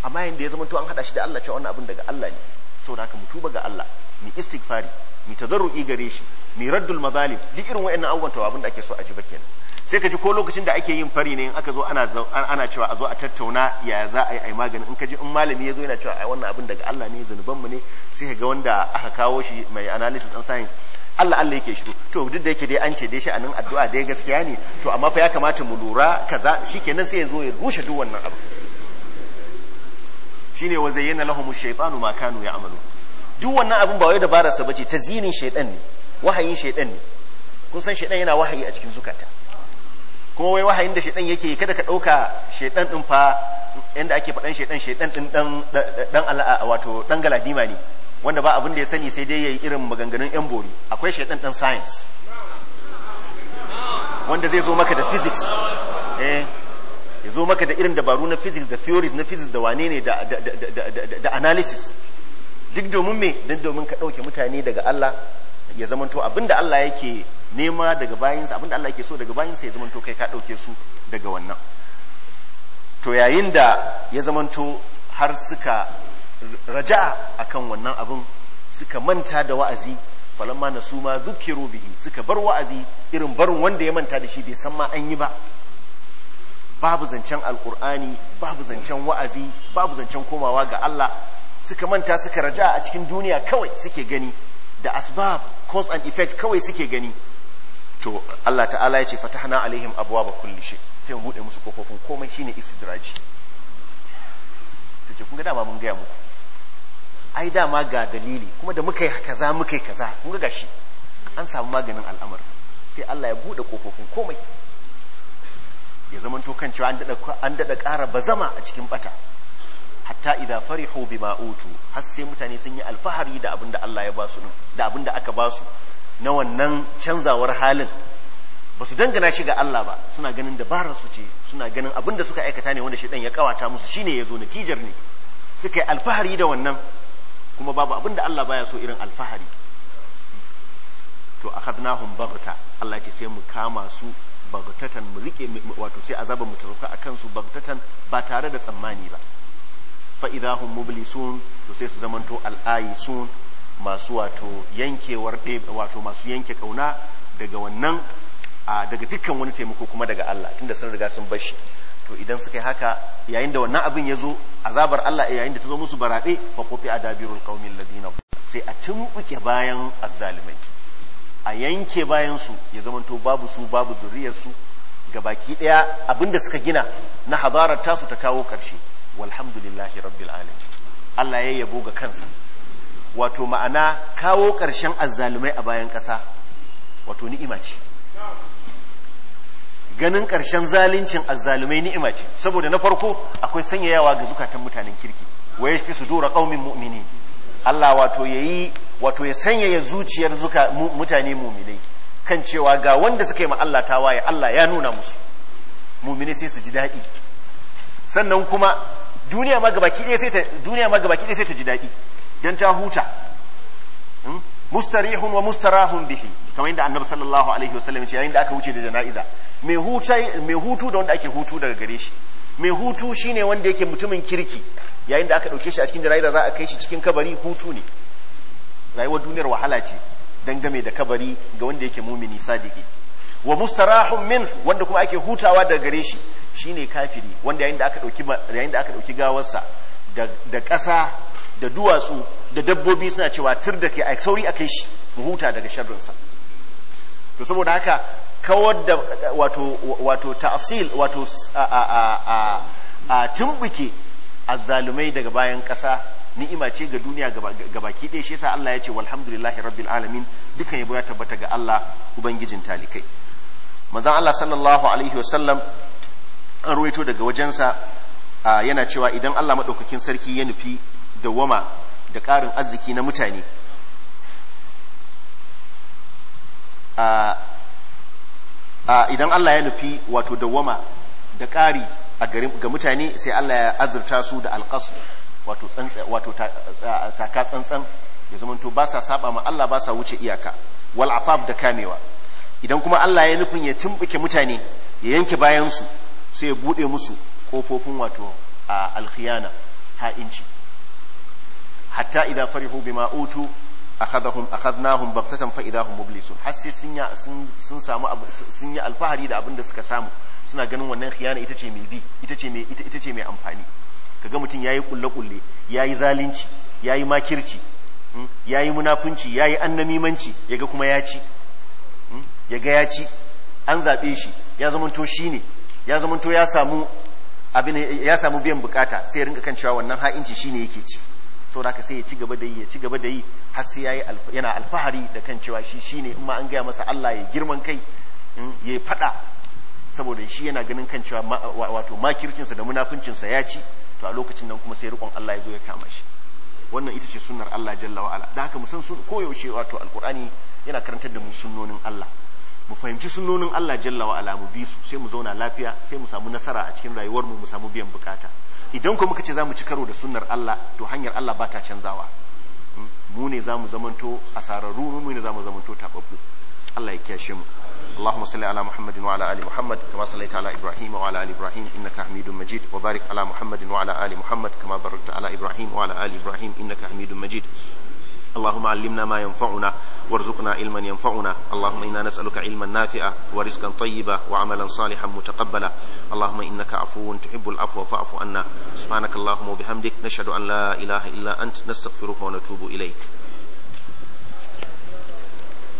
amma yanda ya zama to an hada shi da Allah cewa wannan abin daga Allah ne saboda haka mu tuba ga Allah mu istighfari mu tazarru'i gare shi mu raddul mazalim duk irin wa'annan abubuwan to abin da ake so a ji ba kenan sai ka ji ko lokacin da ake yin fari ne in aka zo ana ana cewa a zo a tattauna ya za a yi ai magani in ka ji in malami ya zo yana cewa ai wannan abin daga Allah ne zanuban mu ne sai ka ga wanda aka kawo shi mai analysis dan science Allah Allah yake shiru to duk da yake dai an ce dai shi nan addu'a dai gaskiya ne to amma fa ya kamata mu lura kaza shikenan sai ya zo ya rushe duk wannan abu shine wa zayyana ash shaytanu ma kanu ya'malu duk wannan abin ba wai dabarar sa bace tazinin shaytan ne wahayin shaytan ne kun san shaytan yana wahayi a cikin zukata kuma wai wahayin da shaytan yake kada ka dauka shaytan din fa inda ake faɗan shaytan shaytan din dan dan wato dan galadima ne wanda ba abin da ya sani sai dai yayi irin maganganun yan bori akwai shaytan dan science wanda zai zo maka da physics eh ya zo maka da irin dabaru na physics da theories na physics da wane ne da analysis duk domin me don domin ka ɗauke mutane daga Allah ya zamanto abinda Allah yake nema daga bayinsa abinda Allah yake so daga bayinsa ya zamanto kai ka ɗauke su daga wannan to yayin da ya zamanto har suka raja akan wannan abin suka manta da wa'azi falamma su ma dhukiru bihi suka bar wa'azi irin barin wanda ya manta da shi bai san ma an yi ba babu zancen alkur'ani babu zancen wa'azi babu zancen komawa ga Allah suka manta suka raja a cikin duniya kawai suke gani da asbab cause and effect kawai suke gani to Allah ta'ala ya ce fatahna alaihim ba kulli shi, sai mu bude musu kofofin komai shine istidraji sai ce kun ga dama mun gaya muku ai dama ga dalili kuma da muka yi kaza muka yi kaza kun ga gashi an samu maganin al'amar sai Allah ya bude kofofin komai ya zamanto kan cewa an daɗa ƙara bazama a cikin bata hatta idan farihu bima utu har sai mutane sun yi alfahari da abin da Allah ya basu da abin da aka basu na wannan canzawar halin ba su dangana shi ga Allah ba suna ganin dabarar su ce suna ganin abin da suka aikata ne wanda dan ya kawata musu shine zo natijar ne suka yi alfahari da wannan kuma babu abin da Allah baya so irin alfahari to akhadnahum baghta Allah ya ce sai mu kama su bagtatan mu rike wato sai azabar mu ka akan su bagtatan ba tare da tsammani ba fa idahum mublisun to sai su zamanto sun masu wato yankewar wato masu yanke kauna daga wannan daga dukkan wani taimako kuma daga Allah tunda sun riga sun bashi to idan suka yi haka yayin da wannan abin ya zo azabar Allah eh, yayin da ta zo musu barabe fa a adabirul qaumil ladina sai a tumbuke bayan azzalimai a yanke bayansu ya zamanto babu su babu zuriyarsu ga baki ɗaya abinda suka gina na hadarar tasu ta kawo karshe walhamdulillahi rabbil alamin Allah ya yabo ga kansa wato ma'ana kawo ƙarshen azzalumai a bayan ƙasa wato ni'ima ce ganin ƙarshen zaluncin azzalumai ni'ima ce saboda na farko akwai sanyayawa ga zukatan mutanen kirki wa su dora qaumin mu'minin Allah wato yayi wato ya sanyaya zuciyar zuka mutane mumine. kan cewa ga wanda suka yi ma Allah waye Allah ya nuna musu Mumine sai su ji daɗi sannan kuma duniya ma gabaki ɗaya sai ta duniya ma gabaki ɗaya sai ta ji daɗi dan ta huta hmm? mustarihun wa mustarahun bihi kamar yadda annabi sallallahu alaihi wasallam ce yayin da aka wuce da jana'iza mai huta mai hutu da wanda ake hutu daga gare shi mai hutu shine wanda yake mutumin kirki yayin da aka dauke shi a cikin jana'iza za a kai shi cikin kabari hutu ne rayuwar duniyar wahala ce game da kabari ga wanda yake mumini sadiki wa mustarahun min wanda kuma ake hutawa daga gare shi shine kafiri wanda yayin da aka dauki yayin da aka dauki gawarsa da ƙasa da duwatsu da dabbobi suna cewa tur da kai a sauri a kai shi mu huta daga sharrinsa to saboda haka kawar da wato wato ta'sil wato a a a a tumbuke azzalumai daga bayan ƙasa ni'ima ce ga duniya gabaki ɗaya shi yasa Allah ya ce walhamdulillahi rabbil alamin dukan yabo ya tabbata ga Allah ubangijin talikai manzon Allah sallallahu alaihi wa sallam an ruwaito daga wajensa yana cewa idan Allah madaukakin sarki ya nufi dawwama da ƙarin arziki na mutane idan Allah ya nufi wato dawwama da ƙari ga mutane sai Allah ya azurta su da alƙasdu wato wato taka tsantsan ya zamanto ba sa saba ma Allah ba sa wuce iyaka wal afaf da kamewa idan kuma Allah ya nufin ya tumbuke mutane ya yanke bayansu su sai ya bude musu kofofin wato alkhiyana ha'inci hatta idan farihu bima utu akhadhahum akhadnahum baghtatan fa idahum mublisun har sai sun ya sun samu sun yi alfahari da abin da suka samu suna ganin wannan khiyana ita ce mai bi ita ce mai ita ce mai amfani Ka ga mutum ya yayi kulle kulle yayi zalunci yi makirci hmm, ya yi munafunci yayi annamimanci yaga kuma ya ci hmm, ga ya ci an zaɓe shi ya zamanto to ya zamanto ya samu abin ya samu biyan bukata sai ya rinka kan cewa wannan ha'inci ne yake ci saboda sai ya ci gaba da yi ya ci gaba da yi har sai yayi yana alfahari da kan cewa shi ne in ma an gaya masa Allah ya girman kai hmm, ya faɗa saboda shi yana ganin kan cewa wato makircinsa da munafuncinsa ya ci to a lokacin nan kuma sai rikon Allah ya zo ya kama shi wannan ita ce sunnar Allah jalla wa'ala da haka musan san sun koyaushe wato alkur'ani yana karantar da mu sunnonin Allah mu fahimci sunnonin Allah jalla wa'ala mu bi su sai mu zauna lafiya sai mu samu nasara a cikin rayuwar mu mu samu biyan bukata idan kuma muka ce zamu ci karo da sunnar Allah to hanyar Allah ba ta canzawa mu ne zamu zamanto asararru mu ne zamu zamanto tababbu Allah ya kiyashe mu اللهم صل على محمد وعلى ال محمد كما صليت على ابراهيم وعلى ال ابراهيم انك حميد مجيد وبارك على محمد وعلى ال محمد كما باركت على ابراهيم وعلى ال ابراهيم انك حميد مجيد اللهم علمنا ما ينفعنا وارزقنا علما ينفعنا اللهم إنا نسألك علما نافعا ورزقا طيبا وعملا صالحا متقبلا اللهم إنك عفو تحب العفو فاعف عنا سبحانك اللهم وبحمدك نشهد أن لا إله إلا أنت نستغفرك ونتوب إليك